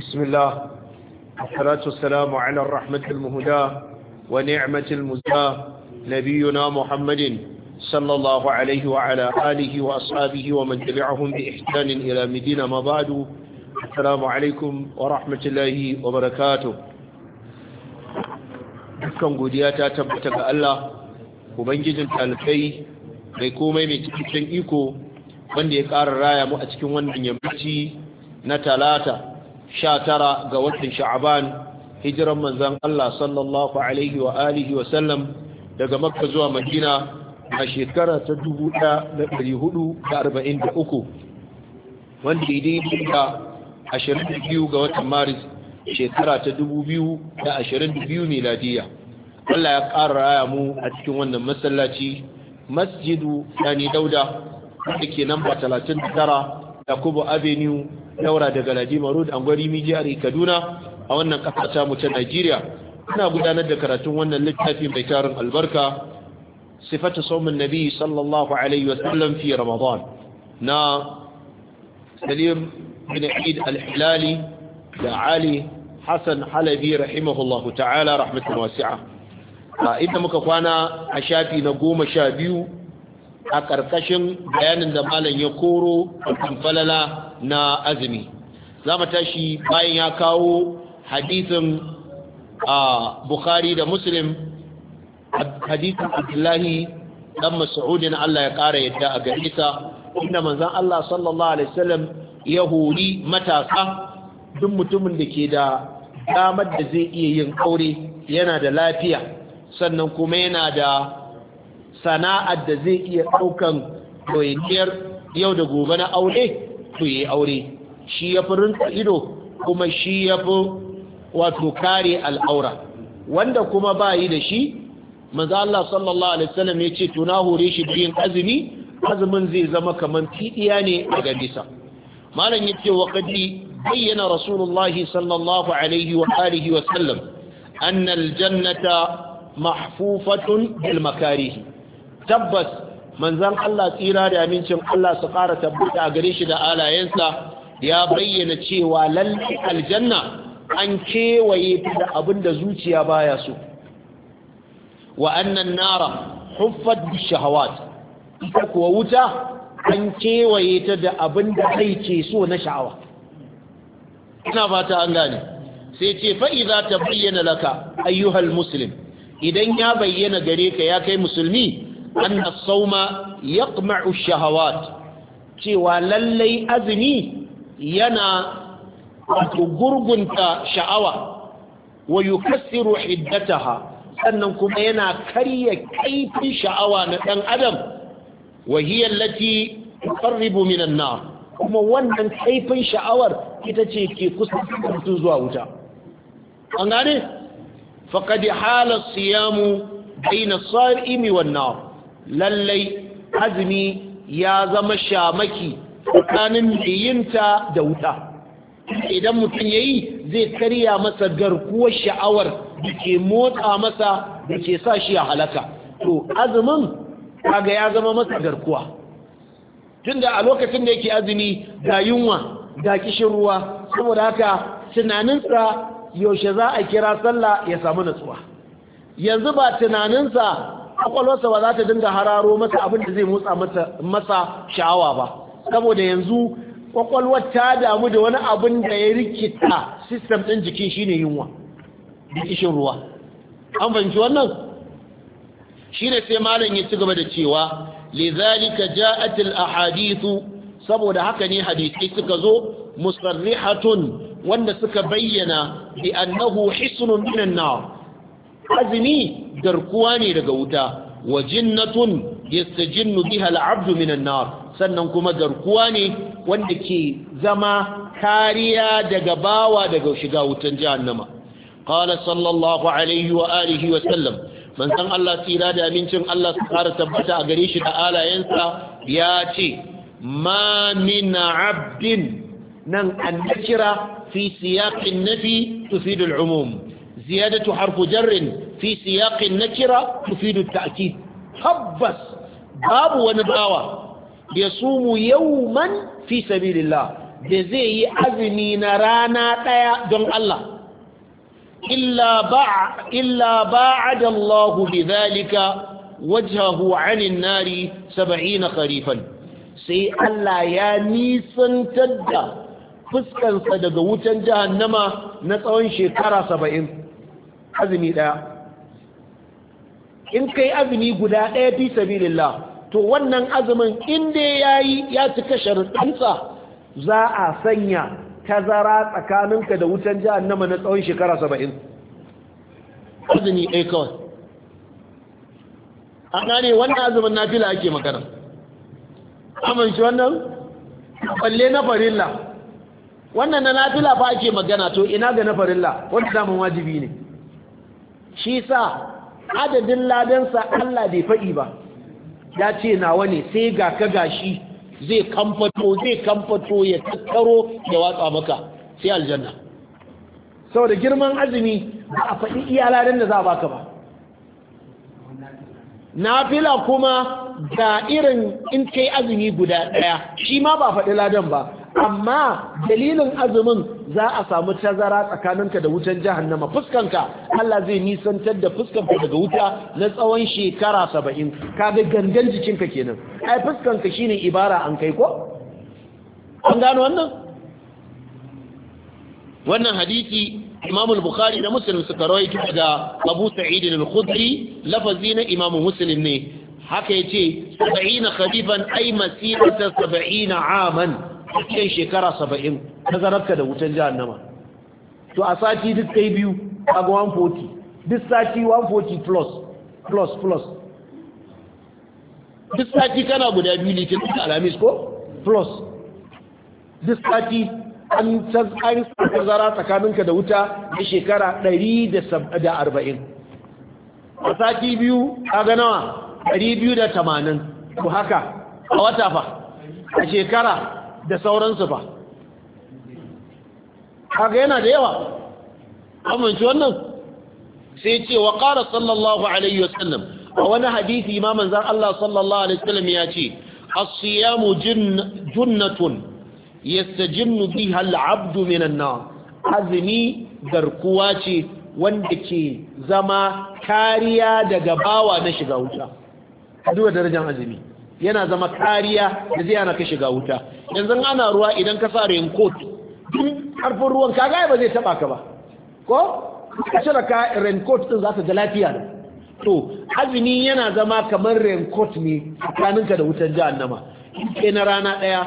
بسم الله والصلاة والسلام على الرحمة المهداة ونعمة المزداة نبينا محمد صلى الله عليه وعلى آله وأصحابه ومن تبعهم بإحسان إلى مدينة مبعد السلام عليكم ورحمة الله وبركاته dukkan godiya ta tabbata ga Allah ubangijin talibai mai komai mai cikin iko wanda ya ƙara raya mu a cikin wannan yammaci na talata sha tara ga watan sha'aban hijiran manzan Allah sallallahu alaihi wa alihi wa sallam daga makka zuwa madina a shekara ta dubu da da da hudu arba'in uku, wanda daidai da ashirin biyu ga watan maris shekara ta dubu biyu da ashirin 2022 miladiya Allah ya ƙara mu a cikin wannan masallaci masjidu yani dauda da ke nan ba talatin tara yakubu avenue daura daga ladima road an miji mijiyar kaduna a wannan kasa ta mu ta najeriya ana gudanar da karatun wannan littafi mai tarin albarka sifatu saumin nabi sallallahu alaihi wasallam fi ramadan na salim bin eid al-hilali da ali hassan halabi rahimahullahu ta'ala rahmatan wasi'a inda muka kwana a shafi na goma sha biyu a ƙarƙashin bayanin da malam ya koro kan falala na azumi za mu tashi bayan ya kawo hadisin a bukhari da muslim hadisin abdullahi dan na Allah ya ƙara yadda a garisa inda manzan Allah sallallahu alaihi wasallam ya hori matasa duk mutumin da ke da damar da zai iya yin aure yana da lafiya sannan kuma yana da sana'ar da zai iya ɗaukan ɗoyiniyar yau da gobe na aure to yi aure shi ya fi rinta ido kuma shi ya fi wato kare al'aura wanda kuma ba yi da shi maza Allah sallallahu alaihi wasallam ya ce tuna hore shi biyin azumi azumin zai zama kamar fidiya ne a gabisa malam ya ce wa bayyana rasulullahi sallallahu alaihi wa alihi wa sallam annal jannata mahfufatun bil makarihi tabbas manzan Allah tsira da amincin Allah su ƙara tabbata a gare shi da alayensa ya bayyana cewa lalle aljanna an kewaye da abin da zuciya baya so wa annan nara huffat shahawat ita kuwa wuta an kewaye ta da abin da kai ke so na sha'awa ina fata an gane sai ce fa'iza ta bayyana laka ayyuhal muslim idan ya bayyana gare ka ya kai musulmi anna sauma yaqma'u shahawat cewa lallai azumi yana wato gurgunta sha'awa wa yukassiru hiddataha sannan kuma yana karya kaifin sha'awa na dan adam wahiyar hiya allati minan kuma wannan kaifin sha'awar ita ce ke kusa mutum zuwa wuta an gane faqad hala siyamu bayna as-sa'imi imi nar lallai azumi ya zama shamaki tsakanin yinta da wuta idan mutum ya yi zai karya masa garkuwar sha'awar da ke motsa masa da ke sa shi a halaka to azumin kaga ya zama masa garkuwa tunda a lokacin da yake azumi ga yunwa ga kishin ruwa saboda haka tunaninsa yaushe za a kira sallah ya samu natsuwa yanzu ba tunaninsa akwalwarsa ba za ta dinga hararo masa abin da zai motsa masa sha'awa ba saboda yanzu kwakwalwar ta damu da wani abin da ya rikita sistem ɗin jikin shine yunwa da kishin ruwa an fahimci wannan Shi ne sai malam ya ci gaba da cewa lidhalika ja'at a ahadithu saboda haka ne hadisi suka zo musarrihatun wanda suka bayyana bi annahu hisnun minan nar azumi garkuwa ne daga wuta wa jinnatun yastajinnu biha al'abdu minan nar sannan kuma garkuwa ne wanda ke zama kariya daga bawa daga shiga wutan jahannama qala sallallahu alaihi wa alihi wa sallam man san Allah tsira da amincin Allah su fara tabbata a gare shi da alayensa ya ce ma min abdin nan an kira fi siyaqin nafi tufidul umum ziyadatu harfu jarrin fi siyaqin nakira tufidu ta'kid tabbas babu wani bawa ya sumu yawman fi sabilillah da zai yi azumi na rana ɗaya don Allah illa ba'a illa ba'ada Allahu bidhalika wajhahu 'anil nari 70 kharifan sai Allah ya nisantar da fuskansa daga wutan jahannama na tsawon shekara saba'in azumi ɗaya in kai azumi guda ɗaya fi sabilillah to wannan azumin inda ya yi ya cika sharuɗansa za a sanya tazara tsakaninka da wutan jahannama na tsawon shekara saba'in azumi ɗaya kawai a gane wannan azumin na fila ake magana amince wannan balle na farilla wannan na nafila fa ake magana to ina ga na farilla wanda damun wajibi ne shi sa adadin ladansa Allah bai faɗi ba ya ce nawa ne sai ga ka gashi zai kamfato zai kamfato ya tattaro ya watsa maka sai aljanna Sau da girman azumi ba a faɗi iya ladan da za a baka ba Na fila kuma da irin in kai azumi guda ɗaya shi ma ba faɗi ladan ba amma dalilin azumin za a samu tazara tsakaninka da wutan jahannama fuskanka Allah zai nisantar da fuskanka daga wuta na tsawon shekara saba'in kaga gangan jikinka kenan ai fuskanka shine ibara an kai ko an gano wannan wannan hadisi Imam al-Bukhari da Muslim suka rawaito daga Abu Sa'id al-Khudri lafazi na Imam Muslim ne haka yace 70 khaliban ay masirata 70 aman kai shekara saba'in nazararka da wutan nama, to a sati duk kai biyu kaga 140 duk sati 140 plus plus plus duk sati kana guda biyu litin duk alamis ko plus duk sati an tazara tsakaninka da wuta da shekara 140 a sati biyu kaga nawa 280 ku haka a wata fa a shekara da sauransu ba haka yana da yawa amince wannan sai ce wa qala sallallahu alaihi wasallam a wani hadisi ma zan Allah sallallahu alaihi wasallam ya ce as junnatun yastajinnu jinnu al-'abdu minanna azumi garkuwa ce wanda ke zama kariya daga bawa na shiga wuta duk darajar azumi yana zama kariya da zai ana ka shiga wuta yanzu ana ruwa idan ka sa kotu tun harfin ruwan ka gaya ba zai taba ka ba ko ka cire ka raincoat din za ka ga lafiya da to azumi yana zama kamar raincoat ne tsakaninka da wutar jahannama in ke na rana daya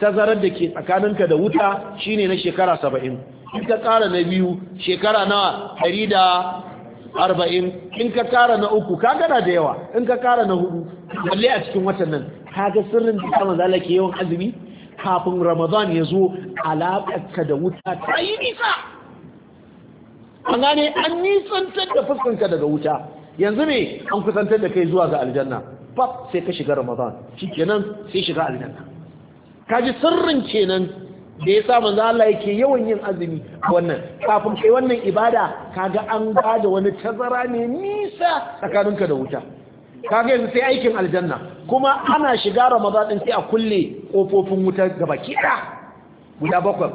tazarar da ke tsakaninka da wuta shine na shekara saba'in in ka tsara na biyu shekara na ɗari da arba'in in ka kara na uku ka gana da yawa in ka kara na hudu balle a cikin watan nan ka ga sirrin da kama zala ke yawan azumi kafin ramadan ya zo alaƙarka da wuta ta yi nisa an gane an nisantar da fuskanka daga wuta yanzu ne an kusantar da kai zuwa ga aljanna fa sai ka shiga ramadan shi kenan sai shiga aljanna ka ji sirrin kenan da ya sa manzo Allah yake yawan yin azumi wannan kafin kai wannan ibada kaga an bada wani tazara ne nisa tsakaninka da wuta kaga yanzu sai aikin aljanna kuma ana shiga ramadan din sai a kulle kofofin wuta gaba kida guda bakwai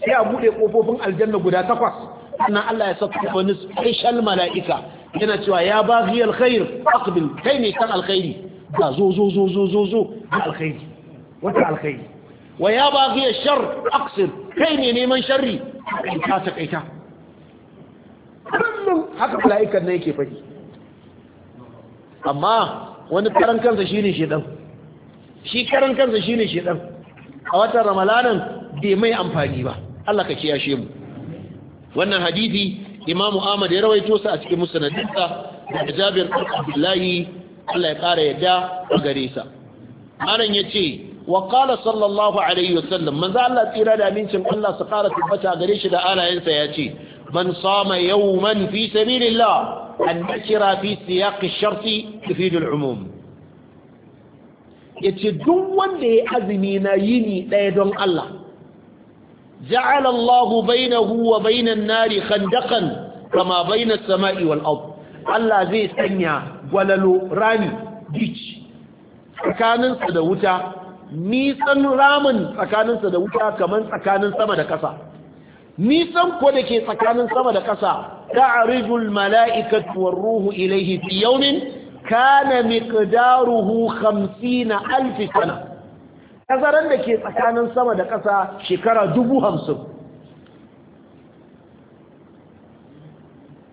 sai a bude kofofin aljanna guda takwas sannan Allah ya saka wani special mala'ika yana cewa ya baghi alkhair aqbil kai ne kan alkhairi ga zo zo zo zo zo zo alkhairi wata alkhairi wa ya ba fiye shar aksir kai ne neman sharri ta taƙaita kullum haka mala'ikan na yake faɗi amma wani karan kansa shi ne shiɗan shi karan kansa shi ne shiɗan a watan ramalanin bai mai amfani ba Allah ka kiyashe mu wannan hadithi imamu ahmad ya rawaito sa a cikin musnadinsa da jabir abdullahi Allah ya ƙara yadda a gare sa ya ce. wa qala sallallahu alaihi wasallam manzo Allah tsira da amincin Allah su fara tabbata gare shi da alayensa ya ce man sama yawman fi sabilillah an nakira fi siyaq ash-sharti tufidu al-umum yace duk wanda ya azumi na yini daya don Allah ja'ala Allah bainahu wa bainan nari khandaqan kama bainas sama'i wal ard Allah zai sanya gwalalo rami dich tsakaninsa da wuta nisan ramin tsakaninsa da wuta kamar tsakanin sama da ƙasa nisan ko da ke tsakanin sama da ƙasa ta'rijul mala'ikat wa ruhu ilaihi fi yawmin kana hamsi na alfi sana tazaran da ke tsakanin sama da ƙasa shekara dubu hamsin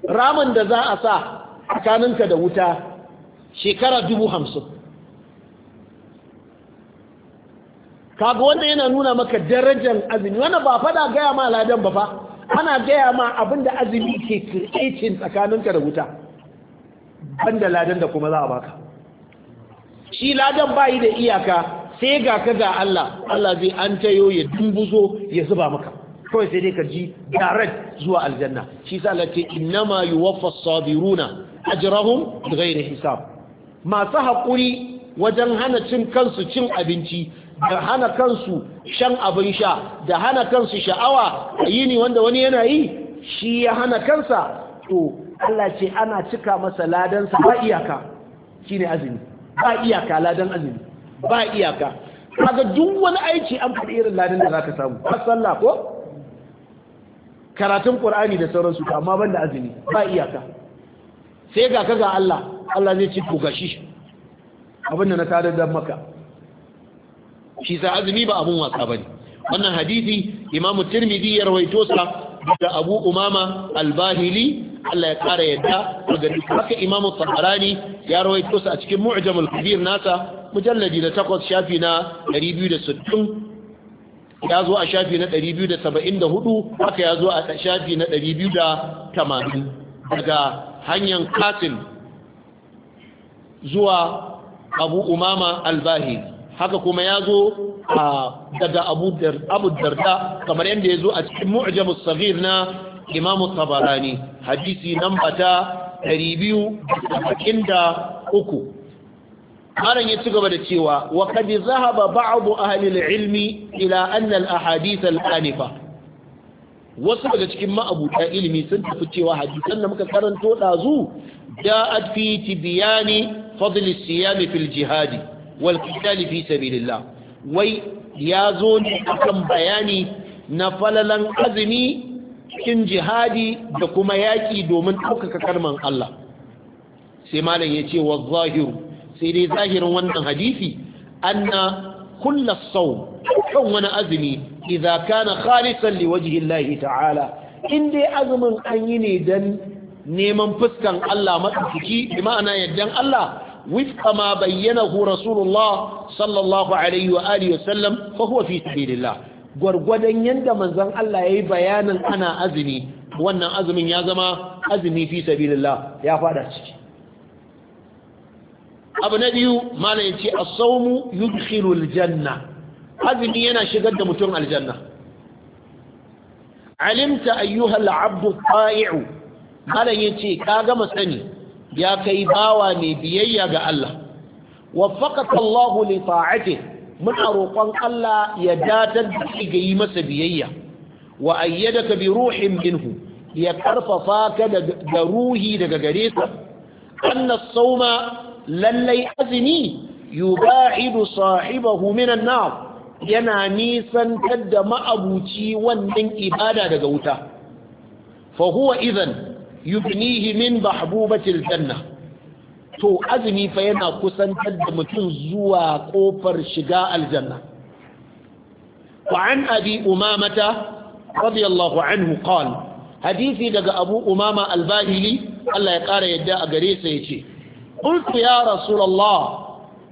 ramin da za a sa tsakaninka da wuta shekara dubu hamsin kaga wanda yana nuna maka darajar azumi wanda ba fada gaya ma ladan ba fa ana gaya ma abinda azumi ke creating tsakaninka da wuta banda ladan da kuma za a baka shi ladan bayi da iyaka sai ga ka ga Allah Allah zai an tayo ya dumbuzo ya zuba maka kawai sai dai ka ji direct zuwa aljanna shi sa Allah ce innama yuwaffa sabiruna ajrahum bighairi hisab masu haƙuri wajen hana cin kansu cin abinci da hana kansu shan abin sha da hana kansu sha'awa yi ne wanda wani yana yi shi ya hana kansa to Allah ce ana cika masa ladansa ba iyaka shine azumi ba iyaka ladan azumi ba iyaka kaga duk wani aiki an faɗi irin ladan da zaka samu ba sallah ko karatun qur'ani da sauransu amma banda azumi ba iyaka sai ga kaga Allah Allah zai ci ku gashi abinda na tarar da maka shi sa azumi ba abun wasa bane wannan hadisi imam tirmidhi ya rawaito sa daga abu umama al-bahili Allah ya kara yadda daga haka imam tabarani ya rawaito sa a cikin mu'jam al-kabir nasa mujalladi na takwas shafi na 260 ya zo a shafi na 274 haka ya zo a shafi na 280 daga hanyar katin zuwa abu umama al-bahili haka kuma ya zo daga abu darda kamar yadda ya zo a cikin mu'jamus saghir na imamu tabarani hadisi nan bata 273 malam ya ci gaba da cewa wa kad zahaba ba'du ahli al-ilmi ila anna al-ahadith al-anifa wasu daga cikin ma'abuta ilimi sun tafi cewa hadisan da muka karanto dazu da'at fi tibyani fadl as-siyam fil jihadi wal qitali fi sabilillah wai ya zo ne akan bayani na falalan azumi cikin jihadi da kuma yaƙi domin ɗaukaka karman Allah sai malam ya ce wa zahiru sai dai zahirin wannan hadisi anna kulla sau kan wani azumi idza kana khalisan liwajhi Allah ta'ala in dai azumin an yi ne dan neman fuskan Allah madaukaki bi ma'ana yaddan Allah wifqa ma bayyanahu rasulullah sallallahu alaihi wa alihi wasallam fa huwa fi sabilillah gurgurdan yanda manzon Allah yayi bayanin ana azumi wannan azumin ya zama azumi fi sabilillah ya fada ciki abu na biyu malam yace as-sawmu yudkhilu al-janna azumi yana shigar da mutum aljanna alimta ayyuha al-abdu ta'i'u malam yace ka gama sani ya kai bawa mai biyayya ga Allah waffaqaka Allah li ta'ati muna roƙon Allah ya datar da kai ga yi masa biyayya wa ayyadaka bi ruhin minhu ya karfafa ka da ruhi daga gare ka anna sauma lallai azmi yuba'idu sahibahu minan nar yana nisantar da ma'abuci wannan ibada daga wuta fa huwa idan yubnihi min mahbubatil janna to azumi fa yana kusantar da mutum zuwa kofar shiga aljanna wa an abi umamata radiyallahu anhu qal hadisi daga abu umama albahili Allah ya kara yadda a gare sa yace qultu ya rasulullah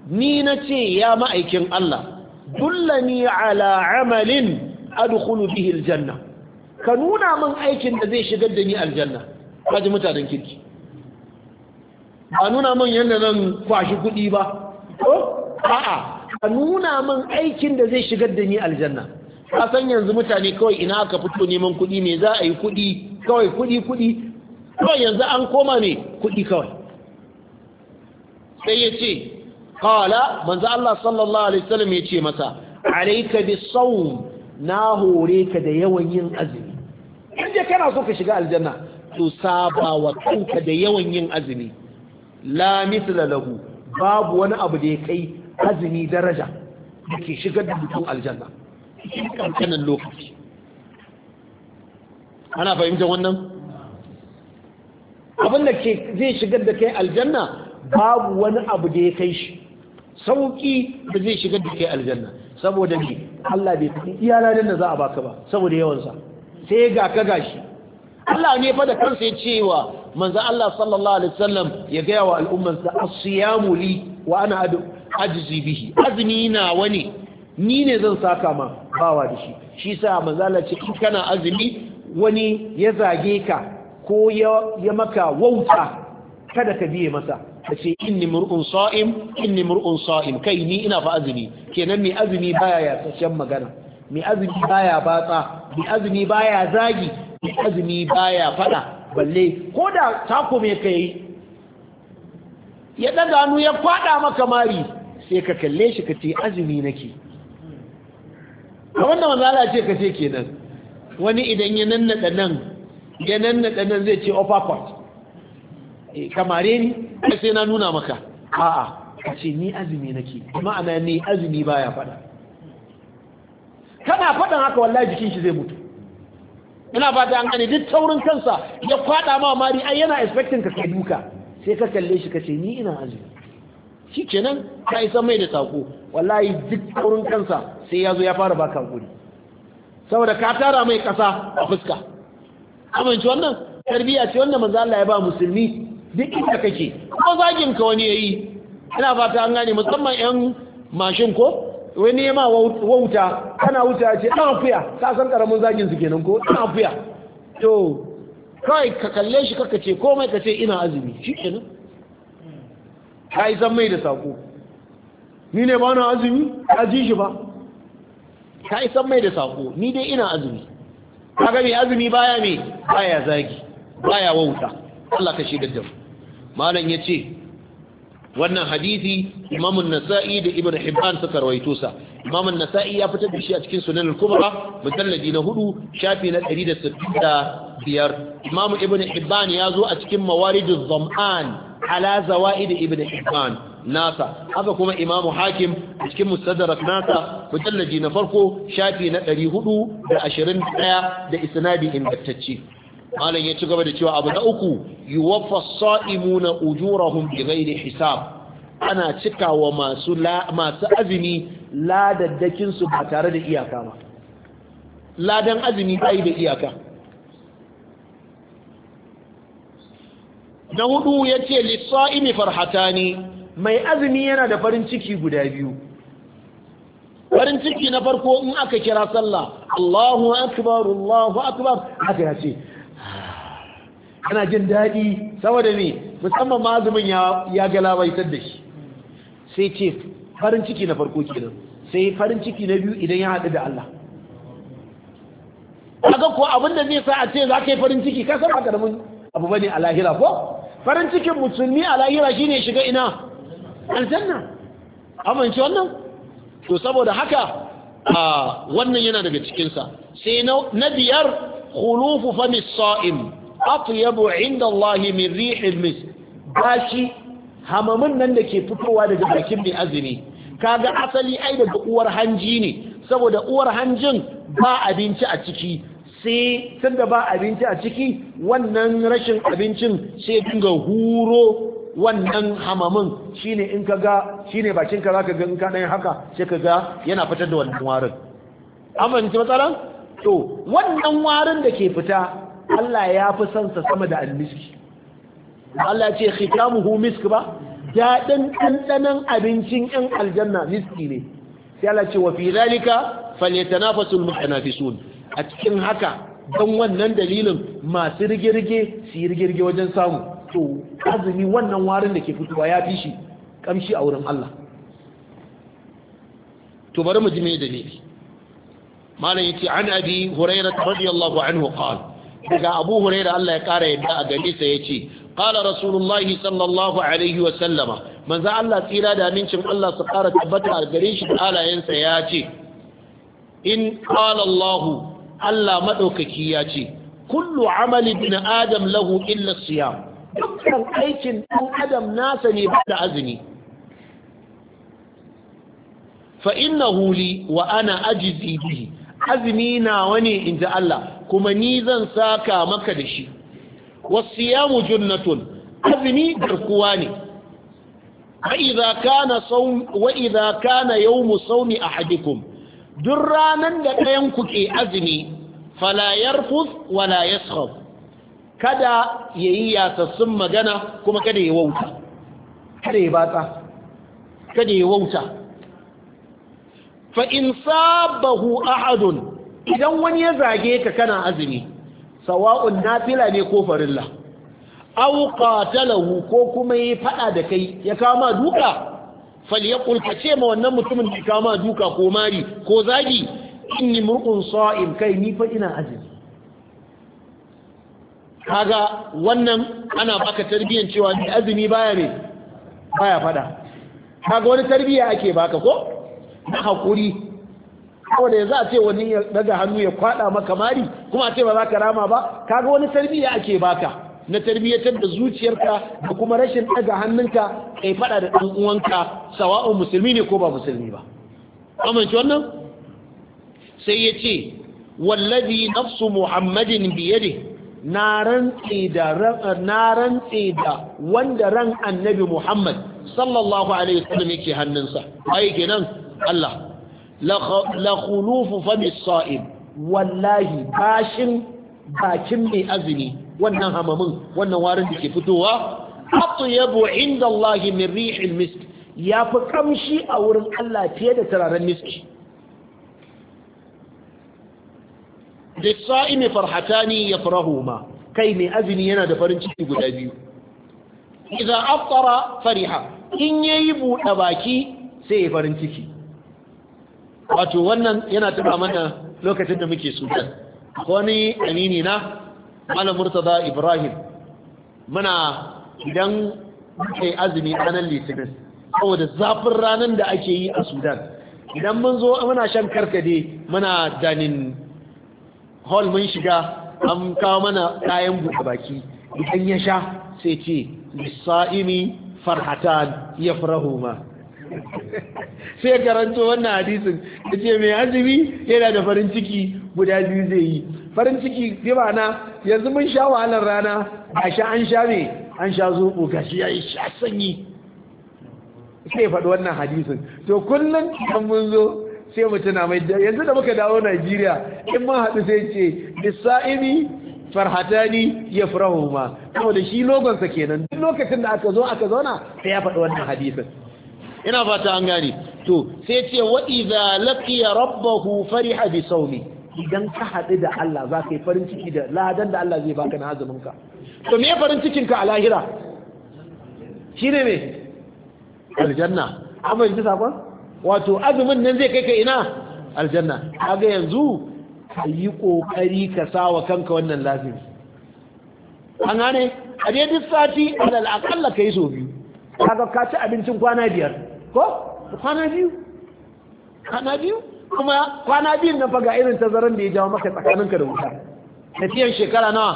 ni nace ya ma'aikin Allah dullani ala amalin adkhulu bihi aljanna ka nuna min aikin da zai shigar da ni aljanna kaji mutanen kirki ba nuna man yadda nan kwashi kuɗi ba ko a'a a nuna man aikin da zai shigar da ni aljanna ka san yanzu mutane kawai ina aka fito neman kuɗi ne za a yi kuɗi kawai kuɗi kuɗi kawai yanzu an koma ne kuɗi kawai sai ya ce kawala manzo Allah sallallahu alaihi wasallam ya ce masa alaika bi sawm na hore ka da yawan yin azumi in je kana so ka shiga aljanna to saba wa kanka da yawan yin azumi la misla lahu babu wani abu da ya kai azumi daraja da ke shigar da mutum aljanna kan kanan lokaci ana fahimtar wannan abin da ke zai shigar da kai aljanna babu wani abu da ya kai shi sauki da zai shigar da kai aljanna saboda ne Allah bai fi iyalan da za a baka ba saboda yawansa sai ga ka gashi Allah ne fa da kansa ya cewa manzo Allah sallallahu alaihi wasallam ya gaya wa al'ummansa as-siyamu li wa ana ajzi bihi azmi na wani ni ne zan saka ma bawa da shi shi sa manzo Allah ce in kana azumi wani ya zage ka ko ya maka wauta kada ka biye masa ka ce inni mur'un sa'im inni mur'un sa'im kai ni ina fa azumi kenan mai azumi baya yatsashen magana mai azumi baya batsa mai azumi baya zagi azumi baya fada balle ko da tako me ka yi ya ɗaga hannu ya fada maka mari sai ka kalle shi ka ce azumi nake kamar da manzala ce ka ce kenan wani idan ya nannaɗa nan ya da nan zai ce uppercut eh, kamare ni sai na nuna maka a'a ka ce ni azumi nake ma'ana ni azumi baya fada kana fadan haka wallahi jikin shi zai mutu ina ba da an gane duk taurin kansa ya kwada ma mari ai yana expecting ka kai duka sai ka kalle shi ka ce ni ina azumi shi kenan ka isa mai da sako wallahi duk taurin kansa sai ya zo ya fara baka hakuri saboda ka tara mai kasa a fuska amince wannan tarbiyya ce wanda manzo Allah ya ba musulmi duk inda kake kuma zagin ka wani yayi ina fata an gane musamman yan mashin ko Wani ne ma wauta ana wuta ce ɗan afiya ka san ƙaramin zagin su kenan ko ɗan afiya to kawai ka kalle shi kaka ce komai ka ce ina azumi shi kenan ka yi san mai da saƙo ni ne ba na azumi ka ji shi ba ka yi san mai da saƙo ni dai ina azumi ga mai azumi baya mai baya zagi baya wauta Allah ka shi da mu malam ya ce wannan hadisi imamun nasa'i da ibn hibban suka rawaito sa imamun nasa'i ya fitar da shi a cikin sunan al-kubra mujalladi na hudu shafi na 165 imamu ibn hibban ya zo a cikin mawariduz zam'an ala zawaid ibn hibban nasa haka kuma imamu hakim a cikin mustadrak nasa mujalladi na farko shafi na 421 da isnadi ingantacce malam ya ci gaba da cewa abu na uku yuwaffa sa'imuna ujurahum bighairi hisab ana cikawa masu masu azumi ladaddakin su ba tare da iyaka ba ladan azumi yi da iyaka na hudu yace lis-sa'imi farhatani mai azumi yana da farin ciki guda biyu farin ciki na farko in aka kira sallah Allahu akbar Allahu akbar haka yace Ana jin daɗi saboda me musamman ma azumin ya galabaitar da shi sai ce farin ciki na farko kenan sai farin ciki na biyu idan ya haɗu da Allah ga ko abinda da zai sa a ce za ka yi farin ciki ka san karamin abu bane a lahira ko farin cikin musulmi a lahira shine shiga ina aljanna amince wannan to saboda haka wannan yana daga cikinsa sai na biyar khulufu famis sa'im atyabu inda Allah min rihil misk bashi hamamin nan da ke fitowa daga bakin mai azumi kaga asali ai daga uwar hanji ne saboda uwar hanjin ba abinci a ciki sai tunda ba abinci a ciki wannan rashin abincin sai dinga huro wannan hamamin shine in kaga shine bakin ka zaka ga in ka dan haka sai ga yana fitar da wannan warin amma in matsalan to wannan warin da ke fita Allah ya fi son sama da almiski Allah ce khitamuhu misk ba Daɗin ɗanɗanon abincin ƴan aljanna miski ne sai Allah ce wa fi zalika falyatanafasul mutanafisun a cikin haka don wannan dalilin masu rigirge su yi rigirge wajen samu to azumi wannan warin da ke fitowa ya fi shi kamshi a wurin Allah to bari mu ji me dalili malam yace an abi hurairah radiyallahu anhu qala daga abu da Allah ya kara yadda a gare sa yace qala rasulullahi sallallahu alaihi wa sallama manzo Allah tsira da amincin Allah su kara tabbata a gare shi alayen ya yace in qala Allah Allah madaukaki ce. kullu amali ibn adam lahu illa siyam dukkan aikin dan adam nasa ne ba da azumi fa innahu li wa ana ajzi bihi azumi nawa ne in ji Allah kuma ni zan saka maka da shi wasu yamu junnatun azumi garkuwa ne wa'iza kana yau mu saumi a hadikun duk ranar da ɗayan ke azumi falayar fus wala ya kada ya yi yasassun magana kuma kada ya wauta kada ya kada ya wauta fa in sabahu ahadun idan wani ya zage ka kana azumi sawa'un nafila ne ko farilla aw qatalahu ko kuma yi fada da kai ya kama duka falyakul kace ma wannan mutumin da kama duka ko mari ko zagi inni murqun sa'im kai ni fa ina azumi kaga wannan ana baka tarbiyyar cewa azumi baya ne baya fada kaga wani tarbiyya ake baka ko na haƙuri saboda ya za a ce wani ya daga hannu ya kwaɗa maka mari kuma a ce ba za ka rama ba kaga wani tarbiyya ake baka na tarbiyyatar da zuciyarka da kuma rashin daga hannunka kai faɗa da ɗan uwanka sawa'un musulmi ne ko ba musulmi ba amince wannan sai ya ce wallazi nafsu muhammadin biyade na rantse da na rantse da wanda ran annabi muhammad sallallahu alaihi wasallam yake hannunsa ai kenan Allah la khulufu fami wallahi bashin bakin mai azumi wannan hamamin wannan warin da ke fitowa atyabu inda Allah min rihil misk ya fi kamshi a wurin Allah fiye da turaren miski lissa'imi farhatani yafrahuma kai mai azumi yana da farin ciki guda biyu idza aftara fariha in yayi buɗe baki sai farin ciki wato wannan yana taba mana lokacin da muke ko wani amini na malam murtaza ibrahim muna idan muke azumi ranar litinin saboda zafin ranar da ake yi a sudan idan mun zo muna shan karkade muna danin hall mun shiga an kawo mana kayan buɗe baki idan ya sha sai ce lissa'imi farhatan ya farahuma sai karanto wannan hadisin da ce mai azumi yana da farin ciki guda biyu zai yi farin ciki bi ma'ana yanzu mun sha wahalar rana a sha an sha me an sha zoɓo gashi ya yi sha sanyi sai faɗi wannan hadisin to kullum kan mun zo sai mu tuna mai yanzu da muka dawo Najeriya in mun haɗu sai ce lissa'imi farhatani ya furahuma da shi logonsa kenan duk lokacin da aka zo aka zauna sai ya faɗi wannan hadisin ina fata an gane to sai ce wa idza laqiya rabbahu fariha bi sawmi idan ka haɗu da Allah za ka yi farin ciki da ladan da Allah zai baka na azumin ka to me farin cikin ka a lahira shine me aljanna amma yanzu sakon wato azumin nan zai kai ka ina aljanna kaga yanzu ka yi kokari ka sawa kanka wannan lazimi an gane a dai duk sati alal akalla kai so biyu kaga ka ci abincin kwana biyar ko kwana biyu kwana biyu kuma kwana biyun nan fa ga irin tazaran da ya jawo maka tsakaninka da wuta tafiyan shekara nawa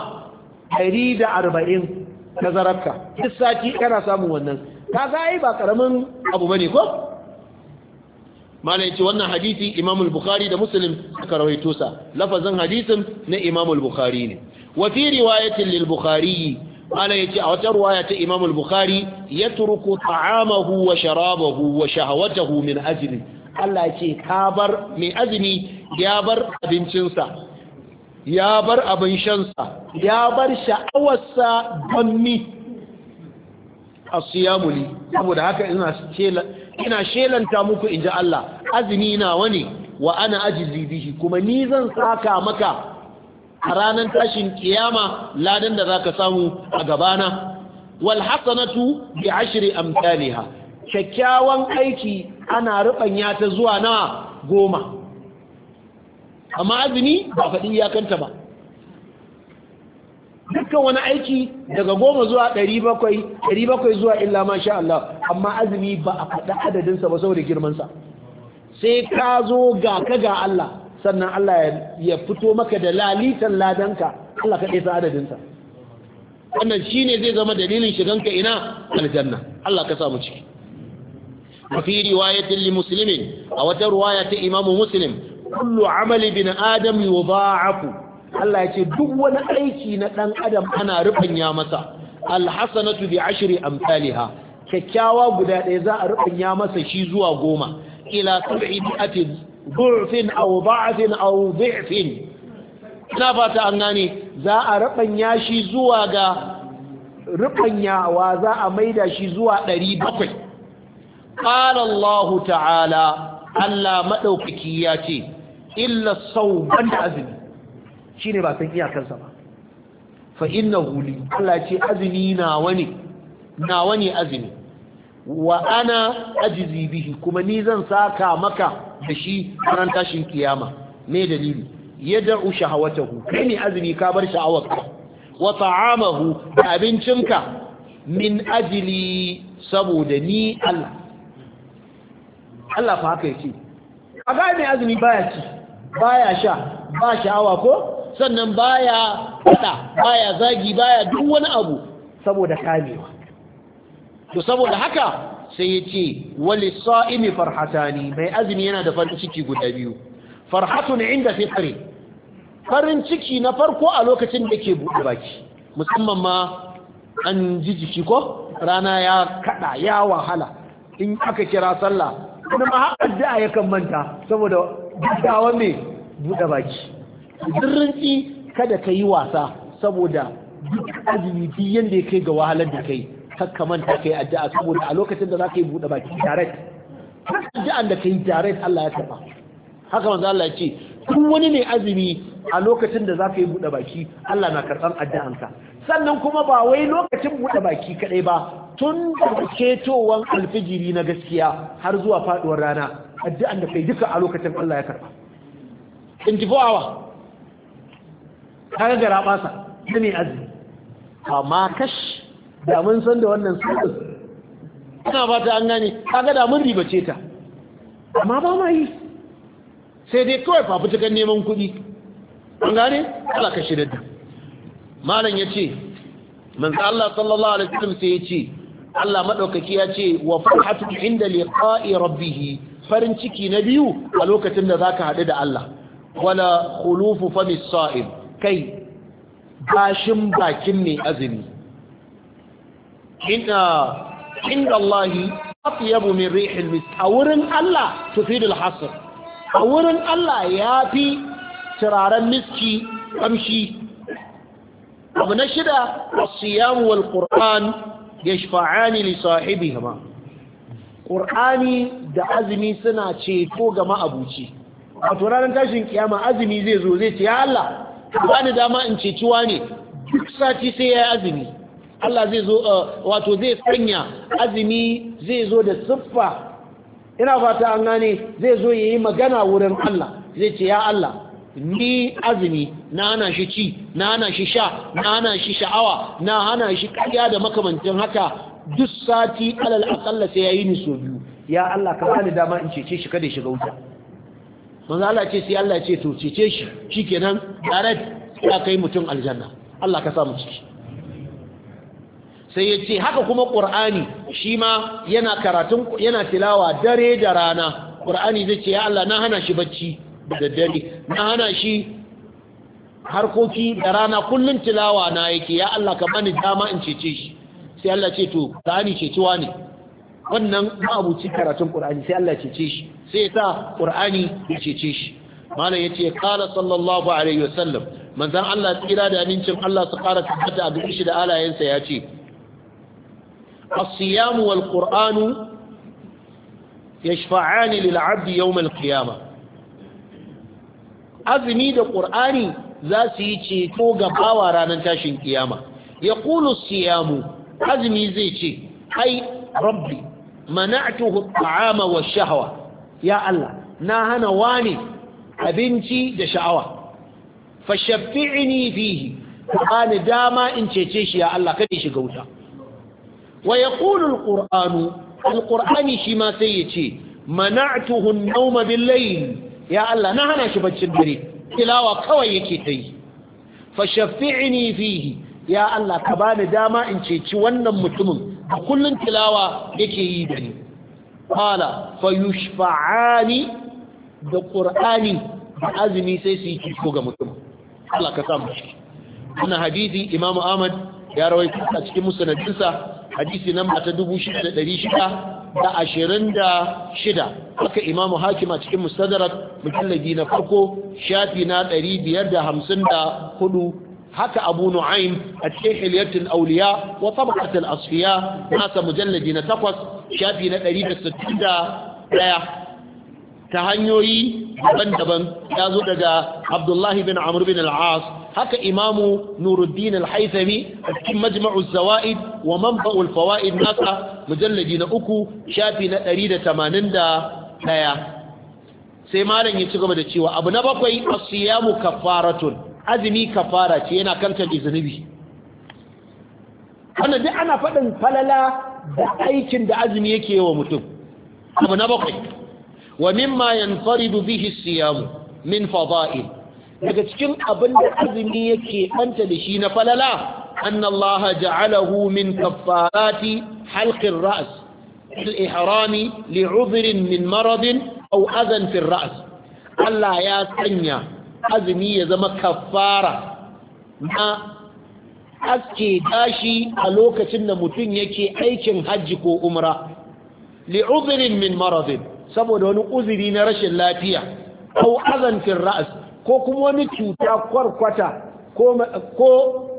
ɗari da arba'in tazararka duk sati kana samun wannan ka ga ai ba karamin abu bane ko malam wannan hadisi Imam al-Bukhari da Muslim suka rawaito sa lafazin hadisin na Imam al-Bukhari ne wa fi riwayatin lil-Bukhari ya yace a wata ruwaya ta imamul al ya yatruku ta'amahu wa sharabahu wa shahawatahu min ajli Allah ce ka bar mai azumi ya bar abincinsa ya bar abin shansa ya bar sha'awarsa don ni asiyamu li saboda haka ina shela ina shelanta muku inji Allah azumi nawa ne wa ana ajizi bihi kuma ni zan saka maka a ranar tashin kiyama ladan da za ka samu a gabana Walhassanatu hasanatu bi ashri kyakkyawan aiki ana rubanya ta zuwa na goma amma azumi ba faɗi iyakanta ba dukkan wani aiki daga goma zuwa ɗari bakwai ɗari bakwai zuwa illa masha Allah amma azumi ba a faɗi adadinsa ba saboda girmansa sai ka zo ga ka ga Allah sannan Allah ya fito maka da lalitan ladanka Allah ka ɗaya adadinsa wannan shi ne zai zama dalilin shiganka ina aljanna Allah ka samu ciki mafi riwayatin li musulmin a wata riwaya ta imamu muslim kullu amali bin adam yudha'afu Allah ya ce duk wani aiki na dan adam ana rubanya masa alhasanatu bi ashri amsalha kyakkyawa guda ɗaya za a rubanya masa shi zuwa goma ila sab'i bi'atin ضعف أو ضعف أو ضعف ina fata an gane za a rubanya shi zuwa ga rubanyawa za a maida shi zuwa 700 qala Allah ta'ala Allah madaukaki ya ce illa sauban azmi shine ba san iyakansa ba fa innahu li Allah ce azmi na wani na wani azmi wa ana ajzi bihi kuma ni zan saka maka da shi ran tashin kiyama me dalili yad'u shahawatahu kai ne azumi ka bar sha'awarka wa ta'amahu da abincinka min ajli saboda ni Allah Allah fa haka yake ga mai azumi baya ci baya sha ba sha'awa ko sannan baya fada baya zagi baya duk wani abu saboda kamewa to saboda haka sai ya ce wali sa'imi ne. mai azumi yana da farin ciki guda biyu ne inda tsare farin ciki na farko a lokacin da ke buɗe baki musamman ma an ji jiki ko rana ya kada ya wahala in aka kira sallah wani ma har yakan ya kan manta saboda dawa mai buɗe baki ci, kada ka yi wasa saboda duk azumi biyan da ya kai ga wahalar da kai kakka manta kai addu'a saboda a lokacin da za ka yi buɗe baki direct addu'an da ka yi direct Allah ya taɓa haka manzo Allah ya ce duk wani ne azumi a lokacin da za ka yi buɗe baki Allah na karɓar addu'anka sannan kuma ba wai lokacin buɗe baki kaɗai ba tun da ketowar alfijiri na gaskiya har zuwa faɗuwar rana addu'an da kai duka a lokacin Allah ya karɓa in ji awa kaga gara ɓasa ne azumi amma kashi. da mun san da wannan sabis ina ba ta an gane kaga da mun ribace ta amma ba ma yi sai dai kawai fafutukan neman kuɗi an gane ala ka shirar da malam ya ce manzo Allah sallallahu alaihi wasallam sai ya ce Allah madaukaki ya ce wa farhatu inda liqa'i rabbih farin ciki na biyu a lokacin da zaka hadu da Allah wala khulufu famis sa'im kai bashin bakin ne azumi inda inda Allah atyabu min rihil misk a wurin Allah tufidul hasr a wurin Allah yafi turaren miski kamshi abu na shida as-siyam wal qur'an yashfa'ani li sahibihima qur'ani da azumi suna ceto ga ma'abuci A turaren tashin kiyama azumi zai zo zai ce ya Allah ba ni dama in ceci wane duk sati sai ya azumi Allah zai zo eh, wato zai sanya azumi zai zo da siffa ina fata an gane zai zo yayi magana wurin Allah zai ce ya Allah ni azumi na hana shi ci na hana shi sha na hana shi sha'awa na hana shi kariya da makamancin haka duk sati alal akalla sai yayi ni so biyu ya Allah ka bani dama in cece shi kada shiga wuta manzo Allah ce sai Allah ce to cece shi shikenan direct ya kai mutum aljanna Allah ka sa mu ciki sai ya ce haka kuma ƙur'ani shi ma yana karatun yana tilawa dare da rana ƙur'ani zai ce ya Allah na hana shi bacci da dare na hana shi harkoki da rana kullum tilawa na yake ya Allah ka bani dama in cece shi sai Allah ce to ƙur'ani cecewa ne wannan ma'abuci karatun ƙur'ani sai Allah cece shi sai ya sa ƙur'ani ya cece shi malam ya ce ƙala sallallahu alaihi wasallam manzan Allah tsira da amincin Allah su ƙara tabbata a duk shi da alayensa ya ce الصيام والقرآن يشفعان للعبد يوم القيامة أذني ذا قرآني ذا سيتي توقع باورا ننتاش القيامة يقول الصيام أذني زيتي أي ربي منعته الطعام والشهوة يا الله ناهنا واني أبنتي ذا شعوة فشفعني فيه قال داما إن تيتيش يا الله كديش قوتا wa yaqulu alqur'anu alqur'ani shi ma sai ya ce. mana'atu nawma nauma layl ya Allah na hana shi baccin dare tilawa kawai yake tai fashaffi'ni fihi ya Allah ka bani dama in ceci wannan mutumin a kullum tilawa yake yi da ni Fala fayushfa'ani da Ƙur'ani. da azumi sai su yi ciko ga mutum Allah ka samu shi Suna hadisi Imam ahmad ya rawaita a cikin musnadinsa hadisi nan ta dubu shida da ɗari shida da ashirin da shida haka imamu hakima cikin mustadrak mujallabi na farko shafi na ɗari biyar da hamsin da hudu haka abu nu'aim a cikin hilyatul auliya wa tabaqatul asfiya nasa mujallabi na takwas shafi na ɗari da sittin da ɗaya ta hanyoyi daban-daban ya zo daga abdullahi bin amur bin al'as haka imamu nuruddin al-haythami a cikin majma'u zawaid wa manba'u al-fawaid nasa mujalladi na uku shafi na 181 sai malam ya ci gaba da cewa abu na bakwai asiyamu kafaratun azumi kafara ce yana kankan zunubi wannan duk ana faɗin falala da aikin da azumi yake wa mutum abu na bakwai wa mimma yanfaridu bihi siyamu min fada'il daga cikin abin da azumi yake ɓanta da shi na falala annallaha ja'alahu min kaffarati halqin ra'as. al-ihrami li'udhrin min maradin aw adhan fi ra'as. Allah ya sanya azumi ya zama kaffara na aske dashi a lokacin da mutum yake aikin hajji ko umra li'udhrin min maradin saboda wani uzuri na rashin lafiya aw adhan ra'as. ko kuma wani cuta kwarkwata ko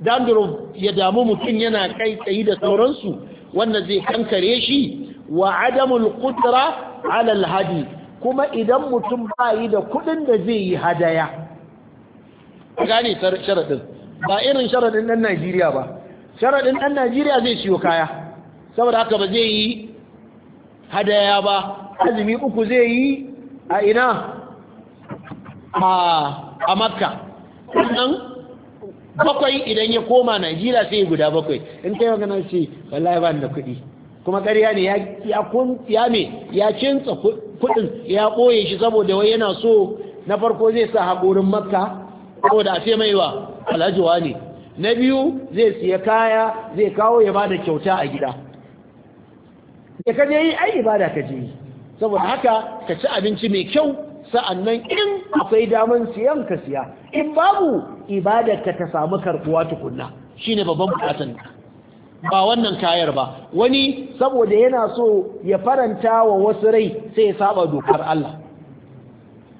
dandruff ya damu mutum yana kai tsayi da sauransu wanda zai kankare shi wa adamul qudra ala alhadi kuma idan mutum bayi da kudin da zai yi hadaya gane ba irin sharaɗin ɗan Najeriya ba Najeriya zai ciyo kaya saboda haka ba zai yi hadaya ba azumi uku zai yi a ina a makka sannan bakwai idan ya koma najeriya sai guda bakwai in kai magana ce wallahi ba da kuɗi kuma ƙarya ne ya kun ya me ya cinta kuɗin ya ɓoye shi saboda wai yana so na farko zai sa haƙorin makka saboda a sai mai wa alhajiwa ne na biyu zai siya kaya zai kawo ya bada kyauta a gida ya ka yi ai ibada ka je saboda haka ka ci abinci mai kyau sa'annan in akwai daman siyan ka siya in babu ibadarta ka ta samu karbuwa tukunna shine babban bukatan ba wannan kayar ba wani saboda yana so ya faranta wa wasu rai sai ya saba dokar Allah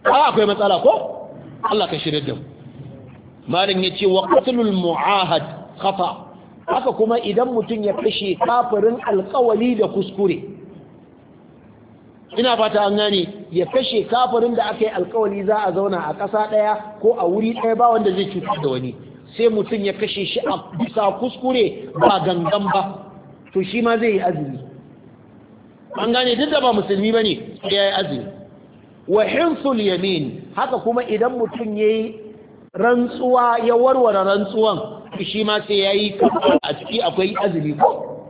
ba akwai matsala ko Allah ka shirya da mu malin yace wa qatlul muahad khata haka kuma idan mutum ya kashe kafirin alƙawali da kuskure ina fata an gane ya kashe kafirin da aka yi alkawali za a zauna a ƙasa ɗaya ko a wuri ɗaya ba wanda zai cutar da wani sai mutum ya kashe shi a bisa kuskure ba gangan ba to shi ma zai yi azumi an gane duk da ba musulmi ba ne ya yi azumi wa hinsul yamin haka kuma idan mutum ya yi rantsuwa ya warware rantsuwan shi ma sai ya yi kafa a ciki akwai azumi ko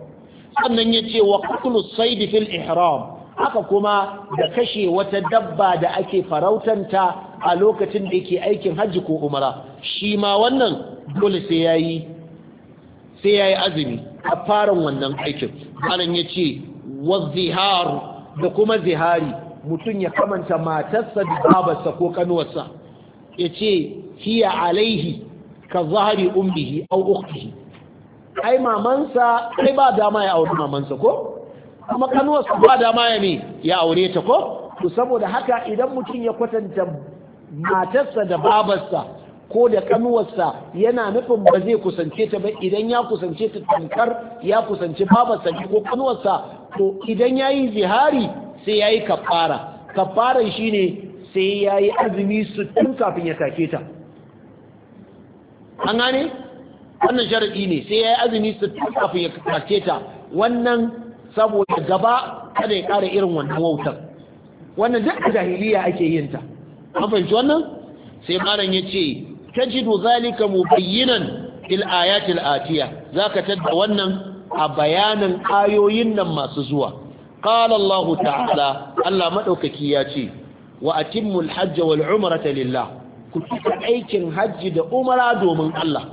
sannan ya ce wa kutulu saidi fil ihram haka kuma da kashe wata dabba da ake farautanta a lokacin da yake aikin hajji ko umara shi ma wannan dole sai yayi sai yayi azumi a farin wannan aikin malam yace Zihar da kuma zihari mutum ya kamanta matarsa da babarsa ko kanuwarsa yace hiya alaihi ka zahari ummihi aw ukhtihi ai mamansa ai ba dama ya auri mamansa ko kuma kanuwarsa ba dama ya ne ya aure ta ko to saboda haka idan mutum ya kwatanta matarsa da babarsa ko da kanuwarsa yana nufin ba zai kusance ta ba idan ya kusance ta tankar ya kusance babarsa ko kanuwarsa to idan ya yi zihari sai ya yi kafara kafaran ne sai ya yi azumi su tun kafin ya take ta an gane wannan sharaɗi ne sai ya yi azumi su tun kafin ya take ta wannan saboda gaba kada ya ƙara irin wannan wautar wannan duk a jahiliya ake yin ta an fahimci wannan sai manan ya ce tajidu zalika mubayyinan fil ayati al atiya zaka tadda wannan a bayanan ayoyin nan masu zuwa qala ta'ala Allah maɗaukaki ya ce wa atimmu al hajj ku cika aikin hajji da umara domin Allah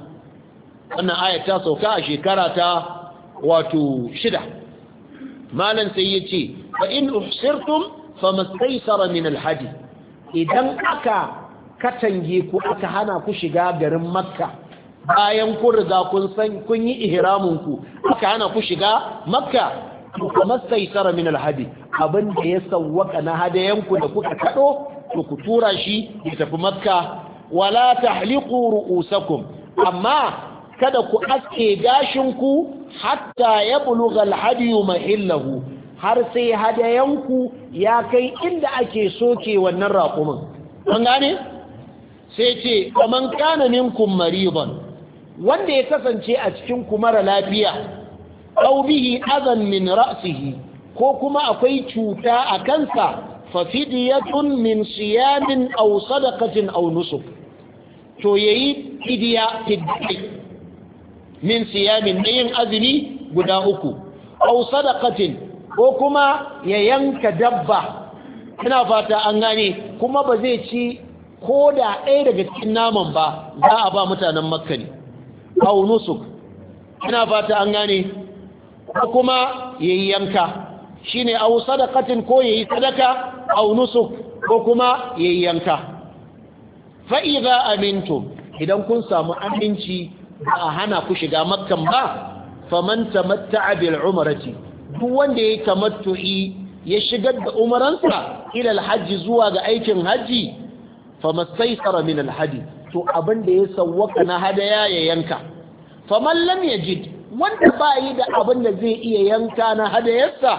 wannan aya ta sauka a shekara ta wato shida malan sai ya ce fa in uhsirtum famastaysara min alhadi idan aka katange ku aka hana ku shiga garin makka bayan kun riga kun san kun yi ihramin ku aka hana ku shiga makka famastaysara min alhadi abin da ya sawwaka na hadayanku da kuka kado to ku tura shi ya tafi makka wala tahliqu ru'usakum amma kada ku aske gashinku hatta ya buluga alhadiyu mahillahu har sai hadayanku ya kai inda ake soke wannan raƙumin an gane sai ce kaman kana minkum mariban wanda ya kasance a cikin kumara mara lafiya aw bihi adan min ra'sihi ko kuma akwai cuta a kansa fafidiyatun min siyamin aw sadaqatin aw nusuk to yayi fidiya fidyai min siyamin na yin azumi guda uku au sadaqatin ko kuma ya yanka dabba ina fata an gane kuma ba zai ci ko da ɗaya daga cikin naman ba za a ba mutanen makka ne au nusuk ina fata an gane ko kuma ya yanka shine au sadaqatin ko ya yi sadaka au nusuk ko kuma yayi yanka fa idza amintum idan kun samu aminci ba a hana ku shiga makkan ba faman tamatta'a bil umrati duk wanda yayi tamattu'i ya shigar da umaransa ila alhajji zuwa ga aikin hajji famastaysara min alhadi to abin da ya sawwaka na hadaya ya yanka faman lam yajid wanda ba yi da abin da zai iya yanka na hadayarsa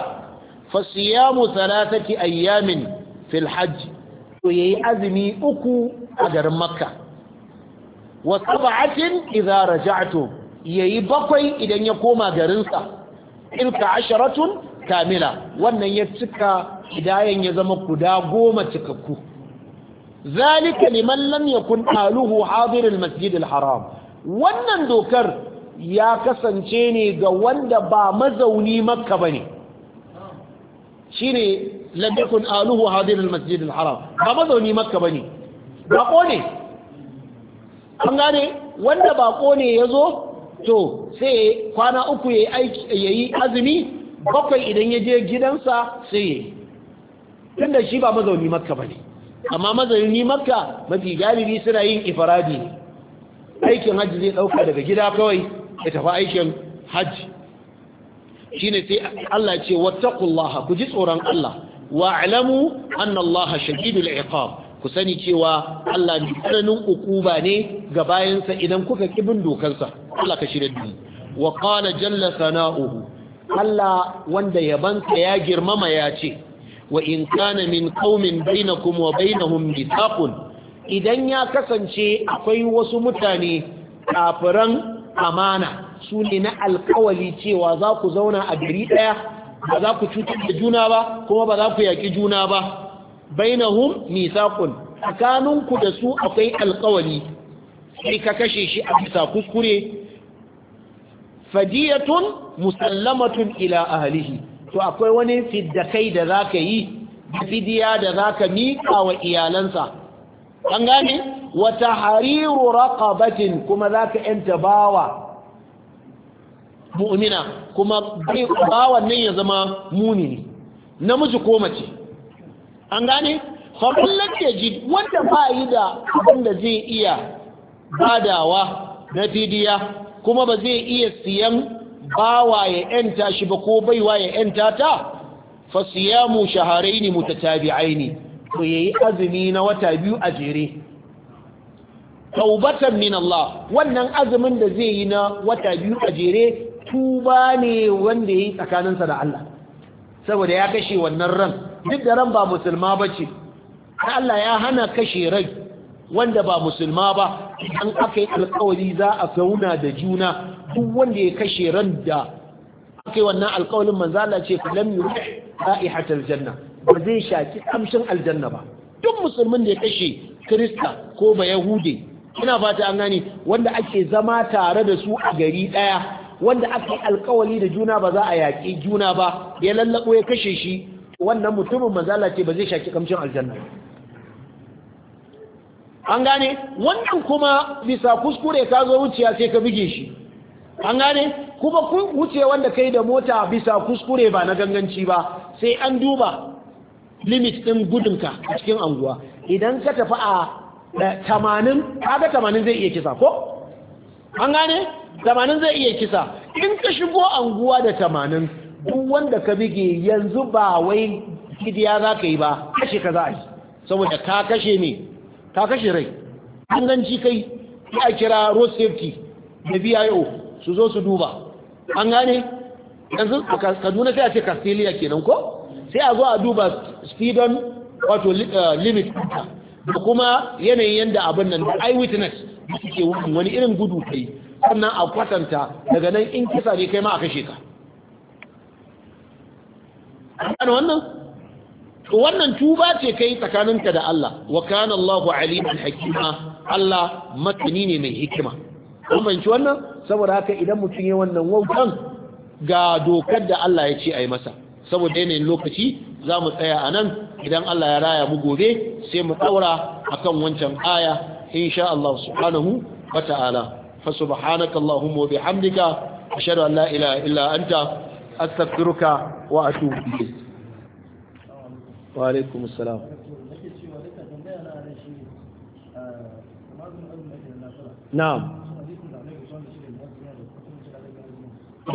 mu thalathati ayyamin fil hajj to yayi azumi uku a garin makka wa sab'atin idza raja'tum yayi bakwai idan ya koma garinsa tilka asharatun kamila wannan ya cika hidayen ya zama guda goma cikakku zalika liman lam yakun aluhu hadir almasjid alharam wannan dokar ya kasance ne ga wanda ba mazauni makka bane shine lam yakun aluhu hadir almasjid alharam ba mazauni makka bane ba ne an gane wanda bako ne ya zo to sai kwana uku ya yi azumi bakwai idan ya je gidansa sai ya yi tunda shi ba mazauni makka ba ne amma mazauni makka mafi galibi suna yin ifaradi ne aikin hajji zai ɗauka daga gida kawai ya tafi aikin hajji shi ne sai Allah ce wattakullaha ku ji tsoron Allah wa'alamu annallaha shagidu iqab ku sani cewa Allah ne tsananin ukuba ne ga bayansa idan kuka ki dokarsa Allah ka shirya dini wa qala jalla sana'uhu Allah wanda yabansa ya girmama ya ce wa in kana min qaumin bainakum wa bainahum mithaqun idan ya kasance akwai wasu mutane kafiran amana su ne na alkawali cewa za ku zauna a gari ɗaya ba za ku cutar da juna ba kuma ba za ku yaƙi juna ba bainahum mithaqun tsakaninku da su akwai alkawari sai ka kashe shi a bisa kuskure fadiyatun musallamatun ila ahlihi to akwai wani fiddakai da zaka yi fidiya da zaka miƙa wa iyalansa an gane wa tahriru raqabatin kuma zaka yanta bawa mu'mina kuma bawan nan ya zama mumini namiji ko mace an gane faɗin ji wanda ba yi da wanda zai iya badawa na fidiya kuma ba zai iya siyan bawa ya ‘yanta shi ba ko baiwa ya ‘yanta ta mu shaharai ne mu aini to ya yi azumi na wata biyu a jere taubatan min Allah wannan azumin da zai yi na wata biyu a jere tuba ne wanda ya yi tsakaninsa da Allah saboda ya kashe wannan ran duk da ran ba musulma ba ce Allah ya hana kashe rai wanda ba musulma ba an aka yi alkawari za a zauna da juna duk wanda ya kashe ran da aka yi wannan alkawarin Allah ce lam yuri ra'ihatul janna ba zai shaki kamshin aljanna ba duk musulmin da ya kashe krista ko ba yahude ina fata an gani wanda ake zama tare da su a gari daya wanda aka yi alkawari da juna ba za a yaƙi juna ba ya lallabo ya kashe shi wannan mutumin mazala ce ba zai shaki kamcin aljanna an gane wannan kuma bisa kuskure ka zo wuciya sai ka buge shi an gane kuma wuce wanda kai da mota bisa kuskure ba na ganganci ba sai an duba limit ɗin gudunka a cikin anguwa idan ka tafi a eh, tamanin kaga tamanin zai iya kisa ko an gane tamanin zai iya kisa in ka shigo anguwa da tamanin duk wanda ka bige yanzu ba wai gidiya za ka yi ba kashe ka za a yi saboda ka kashe ne ka kashe rai an ganci kai ya kira road safety da bio su zo su duba an gane yanzu a kaduna sai a ce castelia kenan ko sai a zo a duba speedon wato eh, limit da kuma yanayin yadda abin nan da eyewitness da suke wani irin gudu kai sannan a kwatanta daga nan in kisa ne kai ma a kashe ka an wannan wannan tuba ce kai tsakaninka da Allah wa kana Allahu aliman hakima Allah matani ne mai hikima kun fahimci wannan saboda haka idan mutum ya wannan wautan ga dokar da Allah ya ce a yi masa saboda yanayin lokaci za mu tsaya a nan idan Allah ya raya mu gobe sai mu ɗaura a kan wancan aya insha Allah subhanahu wa ta'ala fa subhanaka Allahumma wa bihamdika ashhadu an la ilaha illa anta astaghfiruka wa atubu ilayk wa alaikum assalam na'am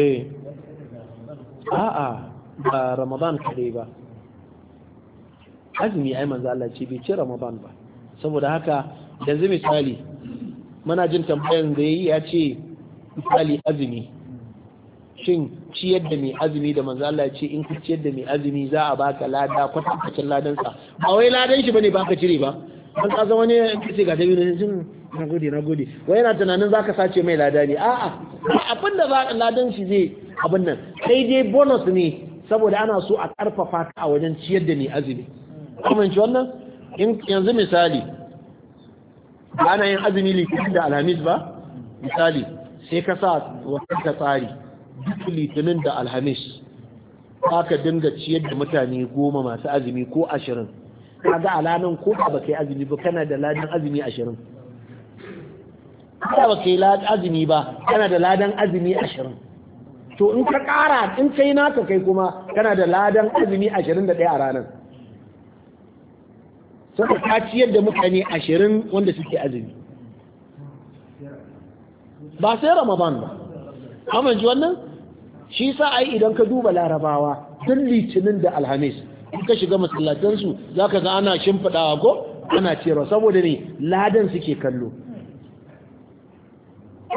eh a'a ba ramadan kare ba azumi ai manzo Allah ce bai ci ramadan ba saboda haka yanzu misali muna jin tambayan da yayi ya ce misali azumi shin ciyar da mai azumi da manzo Allah ya ce in ka ciyar da mai azumi za a baka lada kwatankwacin ladan sa ba wai ladan shi bane baka cire ba an ka zama ne ce ga dabi ne shin na gode na gode wai yana tunanin zaka sace mai lada ne a'a abin da ladan shi zai abin nan kai dai bonus ne saboda ana so a karfafa ka a wajen ciyar da mai azumi kuma wannan in yanzu misali ba ana yin azumi litinin da alhamis ba misali sai ka sa wasu ka tsari duk litinin da alhamis aka dinga ciyar da mutane goma masu azumi ko ashirin ga alamun ko ba kai azumi ba kana da ladan azumi ashirin ba kai ladan azumi ba kana da ladan azumi ashirin to in ka kara in kai naka kai kuma kana da ladan azumi ashirin da ɗaya a ranar saboda ka ciyar da mutane ashirin wanda suke azumi ba sai ramadan ba amma ji wannan shi sa ai idan ka duba larabawa duk litinin da alhamis in ka shiga masallatansu za ka ga ana shimfiɗawa ko ana cewa saboda ne ladan suke kallo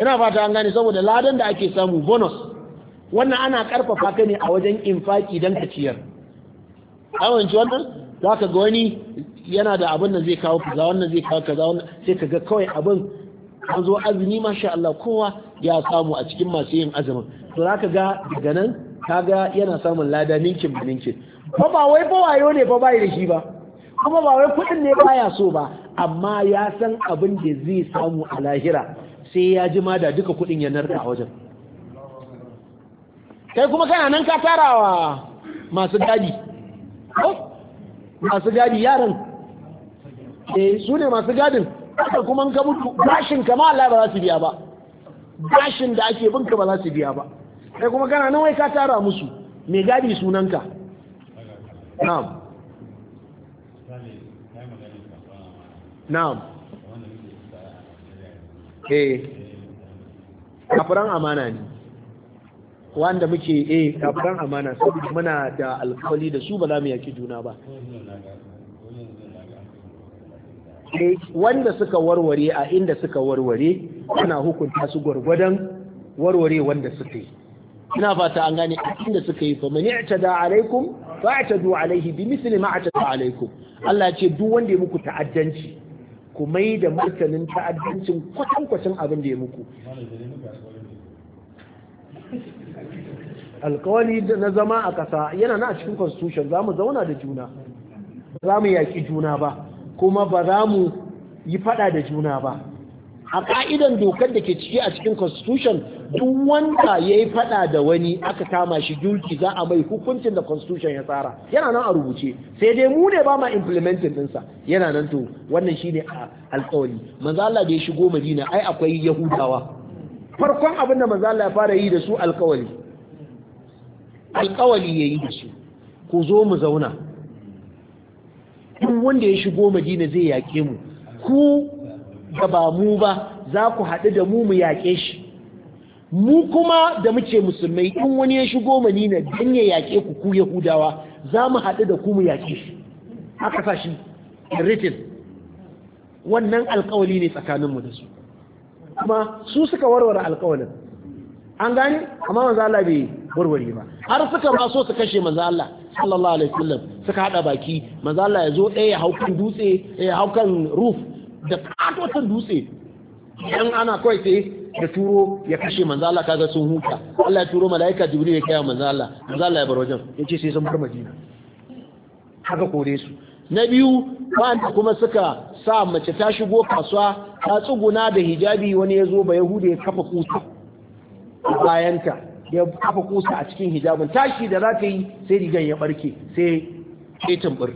ina fata an gane saboda ladan da ake samu bonus wannan ana karfafa ka ne a wajen infaki don ka ciyar awanci wannan za ka ga wani yana da abin da zai kawo kaza wannan zai kawo kaza wannan sai ka ga kawai abin an zo azumi masha Allah kowa ya samu a cikin masu yin azumin za ka ga daga nan kaga yana samun lada ninkin ba ninkin ba ba wai ba wayo ne ba bai da shi ba kuma ba wai kuɗin ne baya so ba amma ya san abin da zai samu a lahira sai ya ji ma da duka kuɗin ya narka a wajen kai kuma kana nan ka tara wa masu gadi masu gadi yaran eh su ne masu gadin haka kuma ka mutu gashin kama Allah ba za su biya ba gashin da ake binka ba za su biya ba kai kuma kana nan wai ka tara musu mai gadi sunanka na'am na'am eh kafiran amana ne wanda muke eh kafiran amana saboda muna da alkawali da su ba za mu yaki juna ba eh, wanda suka warware a inda suka warware ana hukunta su gwargwadon warware wanda suka yi ina fata an gane da suka yi fa man i'tada alaikum fa'tadu alaihi bi misli ma atada alaikum Allah ya ce duk wanda ya muku ta'addanci ku mai da martanin ta'addancin kwatankwacin abin da ya muku alkawali na zama a kasa yana na a cikin constitution za mu zauna da juna za mu yaƙi juna ba kuma ba za mu yi faɗa da juna ba a ƙa'idan dokar da ke ciki a cikin constitution duk wanda ya yi fada da wani aka kama shi duki za a mai hukuncin da constitution ya tsara yana nan a rubuce sai dai mu ne ba ma implementing ɗinsa yana nan to wannan shine a alƙawari manzo Allah da shigo Madina ai akwai Yahudawa farkon abin da manzo Allah ya fara yi da su alƙawari alƙawari yayi da su ku zo mu zauna duk wanda ya shigo Madina zai yake mu ku da ba mu ba za ku haɗu da mu mu yaƙe shi mu kuma da muke musulmai in wani ya shigo madina dan ya yake ku ku yahudawa za mu haɗu da ku mu yake shi aka sa shi written wannan alkawali ne tsakaninmu da su kuma su suka warware alkawalin an gane amma manzo Allah bai warware ba har suka ba so su kashe manzo Allah sallallahu alaihi wasallam suka hada baki manzo Allah ya zo ɗaya kan dutse ya haukan roof da katotan dutse dan ana kawai sai ya turo ya kashe manzo Allah kaga sun huta Allah ya turo malaika jibril ya kai manzo Allah manzo Allah ya bar wajen yace sai sun bar Madina haka kore su na biyu wanda kuma suka sa mace ta shigo kasuwa ta tsuguna da hijabi wani ya zo ba yahuda ya kafa kusa bayanta ya kafa kusa a cikin hijabin tashi da za ta yi sai rigan ya barke sai sai tambur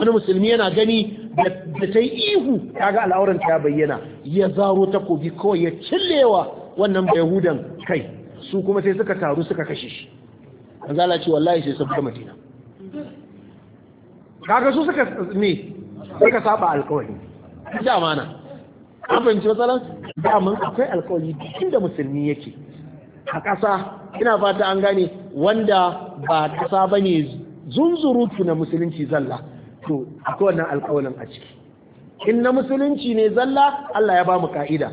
wani musulmi yana gani da ta yi ihu kaga al'auran ta bayyana ya zaro takobi kawai ya cillewa wannan hudan kai su kuma sai suka taru suka kashe shi zala ce wallahi sai sun gama dina kaga su suka ne suka saba alkawari da mana an fahimci matsalar daman akwai alkawari inda musulmi yake a ƙasa ina fata an gane wanda ba ƙasa ba ne zunzurutu na musulunci zalla to akwai wannan a ciki in na musulunci ne zalla Allah ya ba mu ka'ida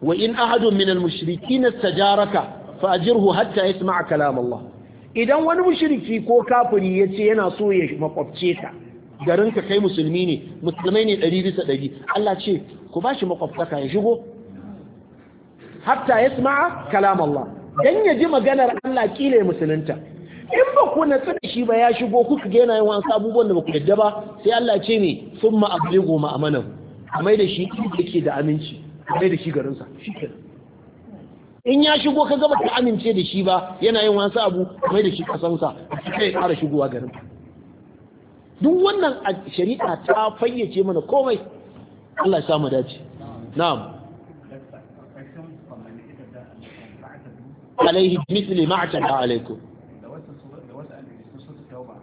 wa in ahadun minal mushrikin istajaraka fa ajirhu hatta yasma'a kalam Allah idan wani mushriki ko kafiri yace yana so ya makwabce ka. garin ka kai musulmi ne musulmai ne 100 bisa Allah ce ku bashi makwabtaka ya shigo hatta yasma'a kalam Allah dan ya ji maganar Allah kila musulunta in ba ku na da shi ba ya shigo kuka ga yana yawan wasu abubuwan da ba ku yadda ba sai Allah ce ne sun ma a ma a mai da shi yake da aminci mai da shi garinsa in ya shigo ka gaba ka amince da shi ba yana yin wasu abu mai da shi kasansa a cikin fara shigowa garin duk wannan shari'a ta fayyace mana komai Allah ya samu dace na'am alaihi misli ma'ata alaikum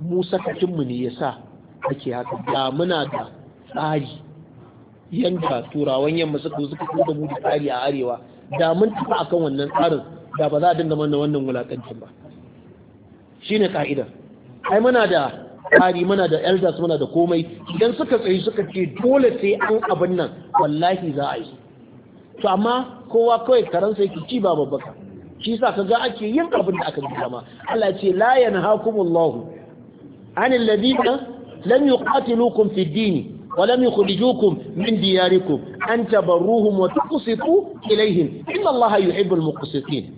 mu sakacinmu ne ya sa ake haka da muna da tsari yadda turawan yamma suka suka da mu da tsari a arewa da mun tafi kan wannan tsarin da ba za a dinga mana wannan wulakancin ba Shi ne ka'idar ai muna da tsari muna da elders muna da komai idan suka tsaye suka ce dole sai an abin nan wallahi za a yi to amma kowa kawai karansa yake ci ba babbaka shi sa kaga ake yin abin da aka gama Allah ce la yanhaakumullahu عن الذين لم يقاتلوكم في الدين ولم يخرجوكم من دياركم أن تبروهم وتقسطوا إليهم إن الله يحب المقسطين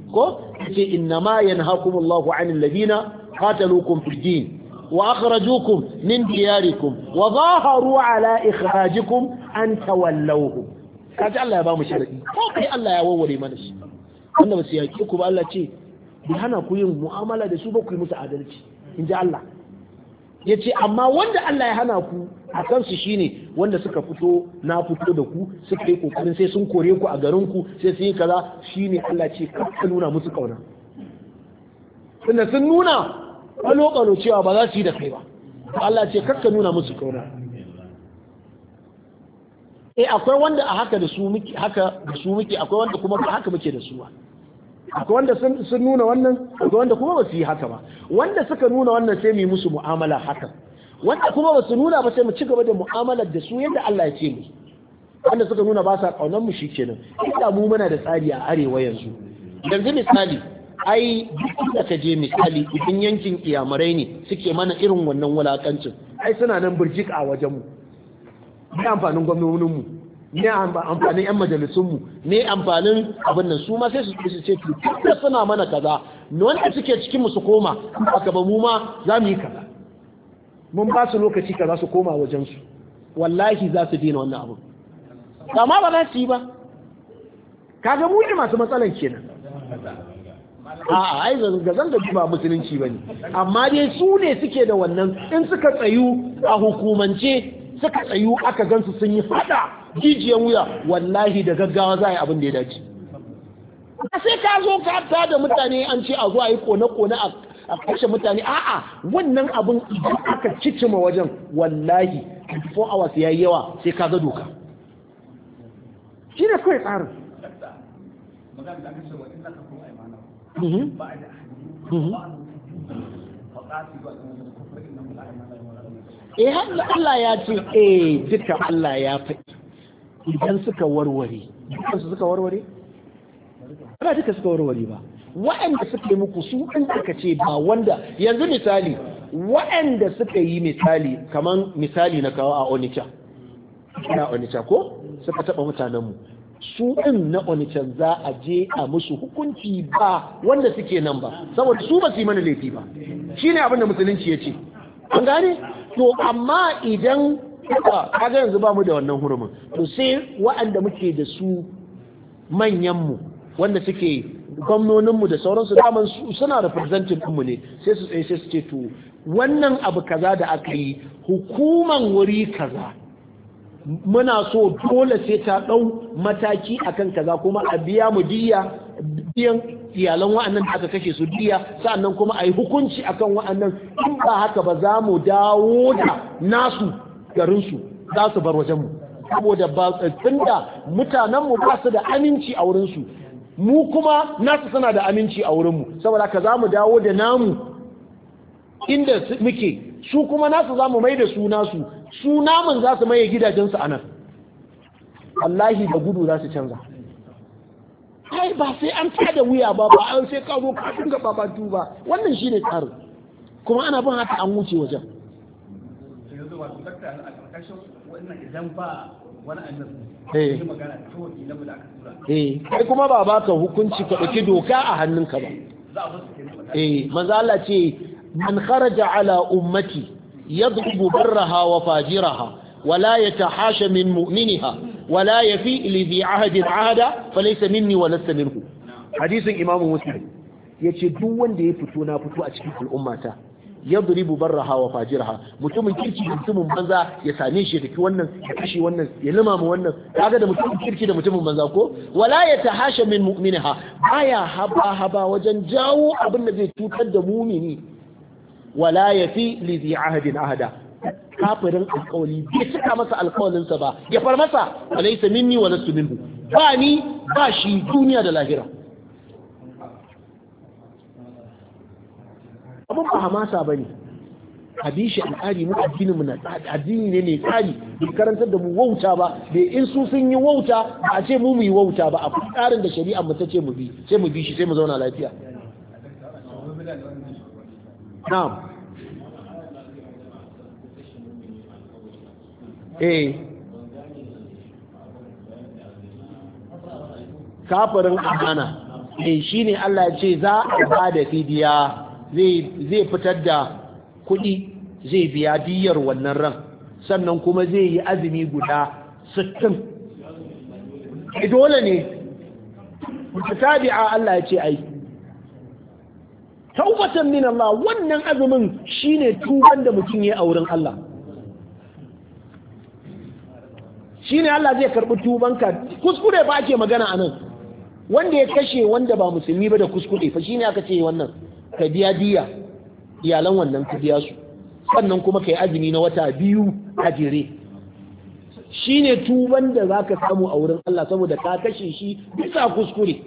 إنما ينهاكم الله عن الذين قاتلوكم في الدين وأخرجوكم من دياركم وظاهروا على إخراجكم أن تولوهم kaji Allah ya ba mu sharadi ko kai Allah ya warware mana shi wanda ba su yake ku ba Allah ce bi hana ku yin mu'amala da su ba ku yi musu adalci in ji Allah ya ce amma wanda Allah ya hana ku a kansu shine wanda suka fito na fito da ku suka yi kokarin sai sun kore ku a garin ku sai sun yi kaza shine Allah ce ka nuna musu kauna tunda sun nuna kalo kalo cewa ba za su yi da kai ba Allah ce ka nuna musu kauna eh akwai wanda a haka da su muke haka da su muke akwai wanda kuma haka muke da su ba akwai wanda sun nuna wannan akwai wanda kuma ba su yi haka ba wanda suka nuna wannan sai mu musu mu'amala haka wanda kuma ba su nuna ba sai mu ci gaba da mu'amalar da su yadda Allah ya ce mu wanda suka nuna ba sa kaunar mu shikenan inda mu muna da tsari a arewa yanzu yanzu misali ai da ka je misali idan yankin iyamurai ne suke mana irin wannan wulakancin ai suna nan birjik a wajen mu amfanin gwamnoninmu mu ne amfanin yan majalisunmu ne amfanin abin nan su ma sai su ce ce Kuma suna mana kaza wanda suke cikin su koma aka ba mu ma za mu yi kaza mun ba su lokaci kaza su koma wajen su wallahi za su dina wannan abu amma ba za su yi ba kaga mu ne masu matsalan kenan a'a ai zanga da ba musulunci bane amma dai su ne suke da wannan in suka tsayu a hukumance suka tsayu aka gansu sun yi fada jijiyan wuya wallahi da gaggawa za a yi abin da ya dace ba sai ka zo ka ta da mutane an ce a zo a yi kone-kone a kashe mutane a'a wannan abin idan aka ma wajen wallahi 24 hours ya yi yawa sai ka ga doka shi ne kawai tsarin Mm-hmm. eh Allah ya ce e duka Allah ya faɗi idan suka warware idan suka warware ana duka suka warware ba wa'anda suka yi muku su ɗin suka ce ba wanda yanzu misali wa'anda suka yi misali kaman misali na kawo a onitsha na onitsha ko suka taɓa mutanenmu su ɗin na onichan za a je a musu hukunci ba wanda suke nan ba saboda su ba su yi mana laifi ba shine abin da musulunci ya ce an to amma idan kaga yanzu ba mu da wannan hurumin to sai wa'anda muke da su manyanmu wanda suke gwamnoninmu da sauransu daman suna representin kunmu ne sai su tsaye sai su ce to wannan abu kaza da aka yi hukuman wuri kaza muna so dole sai ta ɗau mataki akan kaza kuma a biya mu diya biyan iyalan wa'annan da aka kashe su diya sa'annan kuma a yi hukunci kan wa'annan in ba haka ba za mu dawo da nasu garinsu za su bar wajenmu saboda ba da mutanenmu ba su da aminci a wurinsu mu kuma nasu suna da aminci a wurinmu saboda ka za mu dawo da namu inda muke su kuma nasu za mu mai da su nasu su namun za su maye gidajensu a nan wallahi da gudu za su canza ai ba sai an tada wuya ba ba an sai kawo kafin ga babatu ba wannan shine tsari kuma ana bin haka an wuce wajen eh. eh. kai kuma ba baka hukunci ka ɗauki doka a hannunka ba eh manzo Allah ce man kharaja ala ummati yadhubu barraha wa fajiraha wala yatahasha min mu'miniha wala yafi li bi ahadin ahada falaysa minni wa lasta minhu hadisin imamu muslim yace duk wanda ya fito na fito a cikin al'ummata yadribu barraha wa fajirha mutumin kirki da mutumin banza ya same shi da wannan ya kashe wannan ya limama wannan kaga da mutumin kirki da mutumin banza ko wala ya tahasha min mu'minha baya haba haba wajen jawo abin da zai cutar da mumini wala yafi li zi ahadin ahada kafirin alkawali bai cika masa alkawalinsa ba ya far masa alaysa minni wa lasu minhu ba ni ba shi duniya da lahira abun ba hamasa bane shi al'adi mu addini mu na addini ne ne tsari bai karantar da mu wauta ba bai in su sun yi wauta ba a ce mu mu yi wauta ba a tsarin da shari'a mu ta ce mu bi sai mu bi shi sai mu zauna lafiya na'am eh kafirin amana eh shine Allah ce za a ba da fidiya zai fitar da kuɗi zai biya diyar wannan ran sannan kuma zai yi azumi guda 60 eh, dole ne a Allah ya ce ai taubatan min Allah wannan azumin shine tuban da mutum ya wurin Allah ne Allah zai karɓi tubanka kuskure ba ake magana a nan wanda ya kashe wanda ba musulmi ba da kuskure fa shine aka ce wannan ka biya diya iyalan wannan ka biya su sannan kuma ka yi azumi na wata biyu a jere shine tuban da za ka samu a wurin Allah saboda ka kashe shi bisa kuskure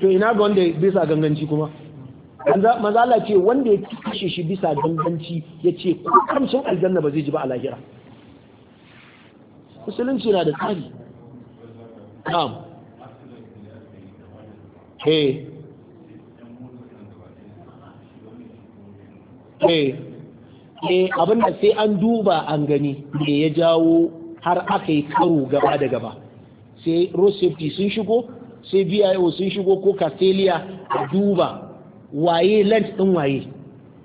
to ina ga wanda bisa ganganci kuma maza Allah ce wanda ya kashe shi bisa ganganci ya ce kamshin aljanna ba zai ji ba a lahira musulunci na da tsari na'am eh eh eh abinda sai an duba an gani me ya jawo har aka yi karo gaba da gaba sai road safety sun shigo sai bio sun shigo ko castelia a duba waye lent din waye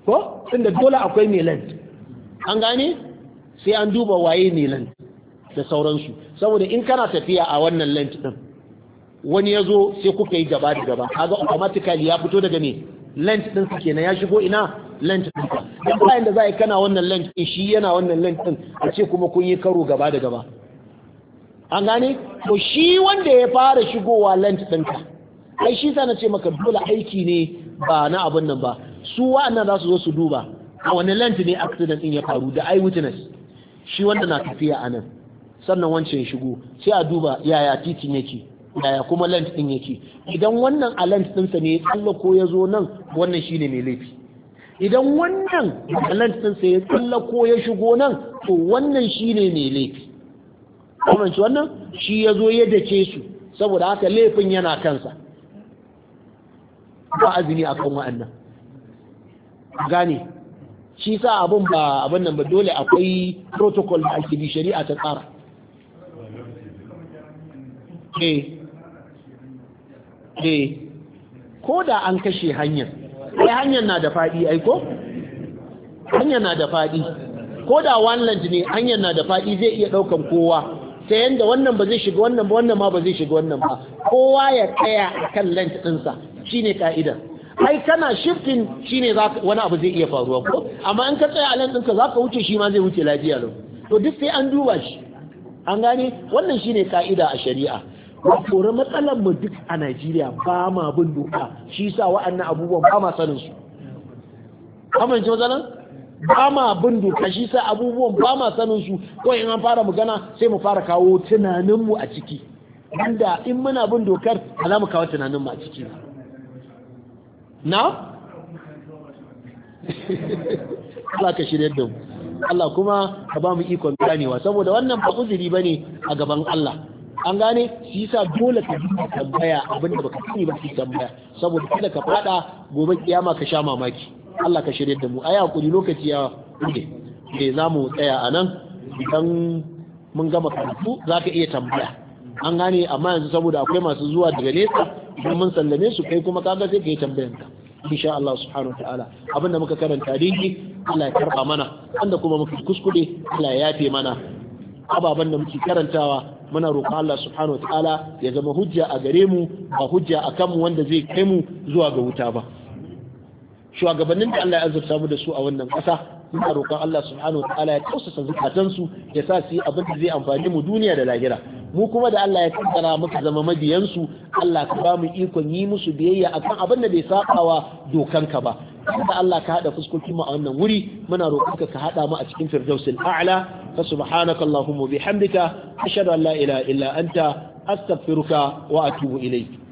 ko inda dole akwai mai lent an gane sai an duba waye mai lent da sauransu saboda in kana tafiya a wannan lent din wani ya zo sai kuka yi gaba da gaba kaga automatically ya fito daga ne lent din su kenan ya shigo ina lent din ka dan bayan da zai kana wannan lent din shi yana wannan lent din a ce kuma kun yi karo gaba da gaba an gane to shi wanda ya fara shigowa lent din ka ai shi sa na ce maka dole aiki ne ba na abin nan ba su wa'annan za su zo su duba a wani lent ne accident din ya faru da eyewitness shi wanda na tafiya a nan sannan wancan ya shigo sai a duba yaya titin yake yaya kuma lent din yake idan wannan a lent dinsa ne ya ko ya zo nan wannan shine mai laifi idan wannan a lent dinsa ya ko ya shigo nan to wannan shine mai laifi kuma wannan shi ya zo ya dace su saboda haka laifin yana kansa ba azumi akan wa'annan gane shi sa abin ba abin nan ba dole akwai protocol da ake bi shari'a ta tsara eh eh ko da an kashe hanyar ai hanyar na da faɗi ai ko hanyar na da faɗi ko da wanland ne hanyar na da faɗi zai iya ɗaukan kowa ta yanda wannan ba zai shiga wannan ba wannan ma ba zai shiga wannan ba kowa ya tsaya a kan lent ɗinsa shine ka'ida, ai kana shifting shine wani abu zai iya faruwa ko amma in ka tsaya a lent ɗinka za ka wuce shi ma zai wuce lafiya lau to duk sai an duba shi an gane wannan shine ka'ida a shari'a ba kore matsalar mu duk a Najeriya ba ma bin doka shi sa wa'annan abubuwan ba ma sanin su amince matsalar ba ma bin doka shi sa abubuwan ba ma sanin su ko in an fara magana sai mu fara kawo tunaninmu a ciki wanda in muna bin dokar ba za mu kawo tunaninmu a ciki na? Allah ka shirya da mu Allah kuma ka ba mu ikon ganewa saboda wannan ba uzuri bane a gaban Allah an gane shi yasa dole ka yi tambaya abinda baka sani ba ki tambaya saboda kada ka fada gobe kiyama ka sha mamaki Allah ka shirye da mu ayi hakuri lokaci ya kuɗe eh, za mu tsaya a nan idan mun gama karatu za ka iya tambaya an gane amma yanzu saboda akwai masu zuwa daga nesa idan mun sallame su kai kuma kaga sai ka yi tambayanka insha Allah subhanahu wa ta'ala abinda muka karanta dinki Allah ya karba mana wanda kuma muka kuskure Allah ya yafe mana ababen da muke karantawa muna roƙon Allah subhanahu wata'ala ya zama hujja a gare mu ba hujja a kanmu wanda zai kai mu zuwa ga wuta ba shugabannin da Allah ya azurta mu da su a wannan ƙasa muna roƙon Allah subhanahu wa ta'ala ya tausasa zukatansu ya sa su yi abin da zai amfani mu duniya da lahira mu kuma da Allah ya kaddara muka zama mabiyansu Allah ka ba mu ikon yi musu biyayya akan abin da bai sabawa dokanka ba da Allah ka hada fuskokin mu a wannan wuri muna roƙonka ka hada mu a cikin firdausil a'la fa subhanaka allahumma bihamdika ashhadu an la ilaha illa anta astaghfiruka wa atubu ilayk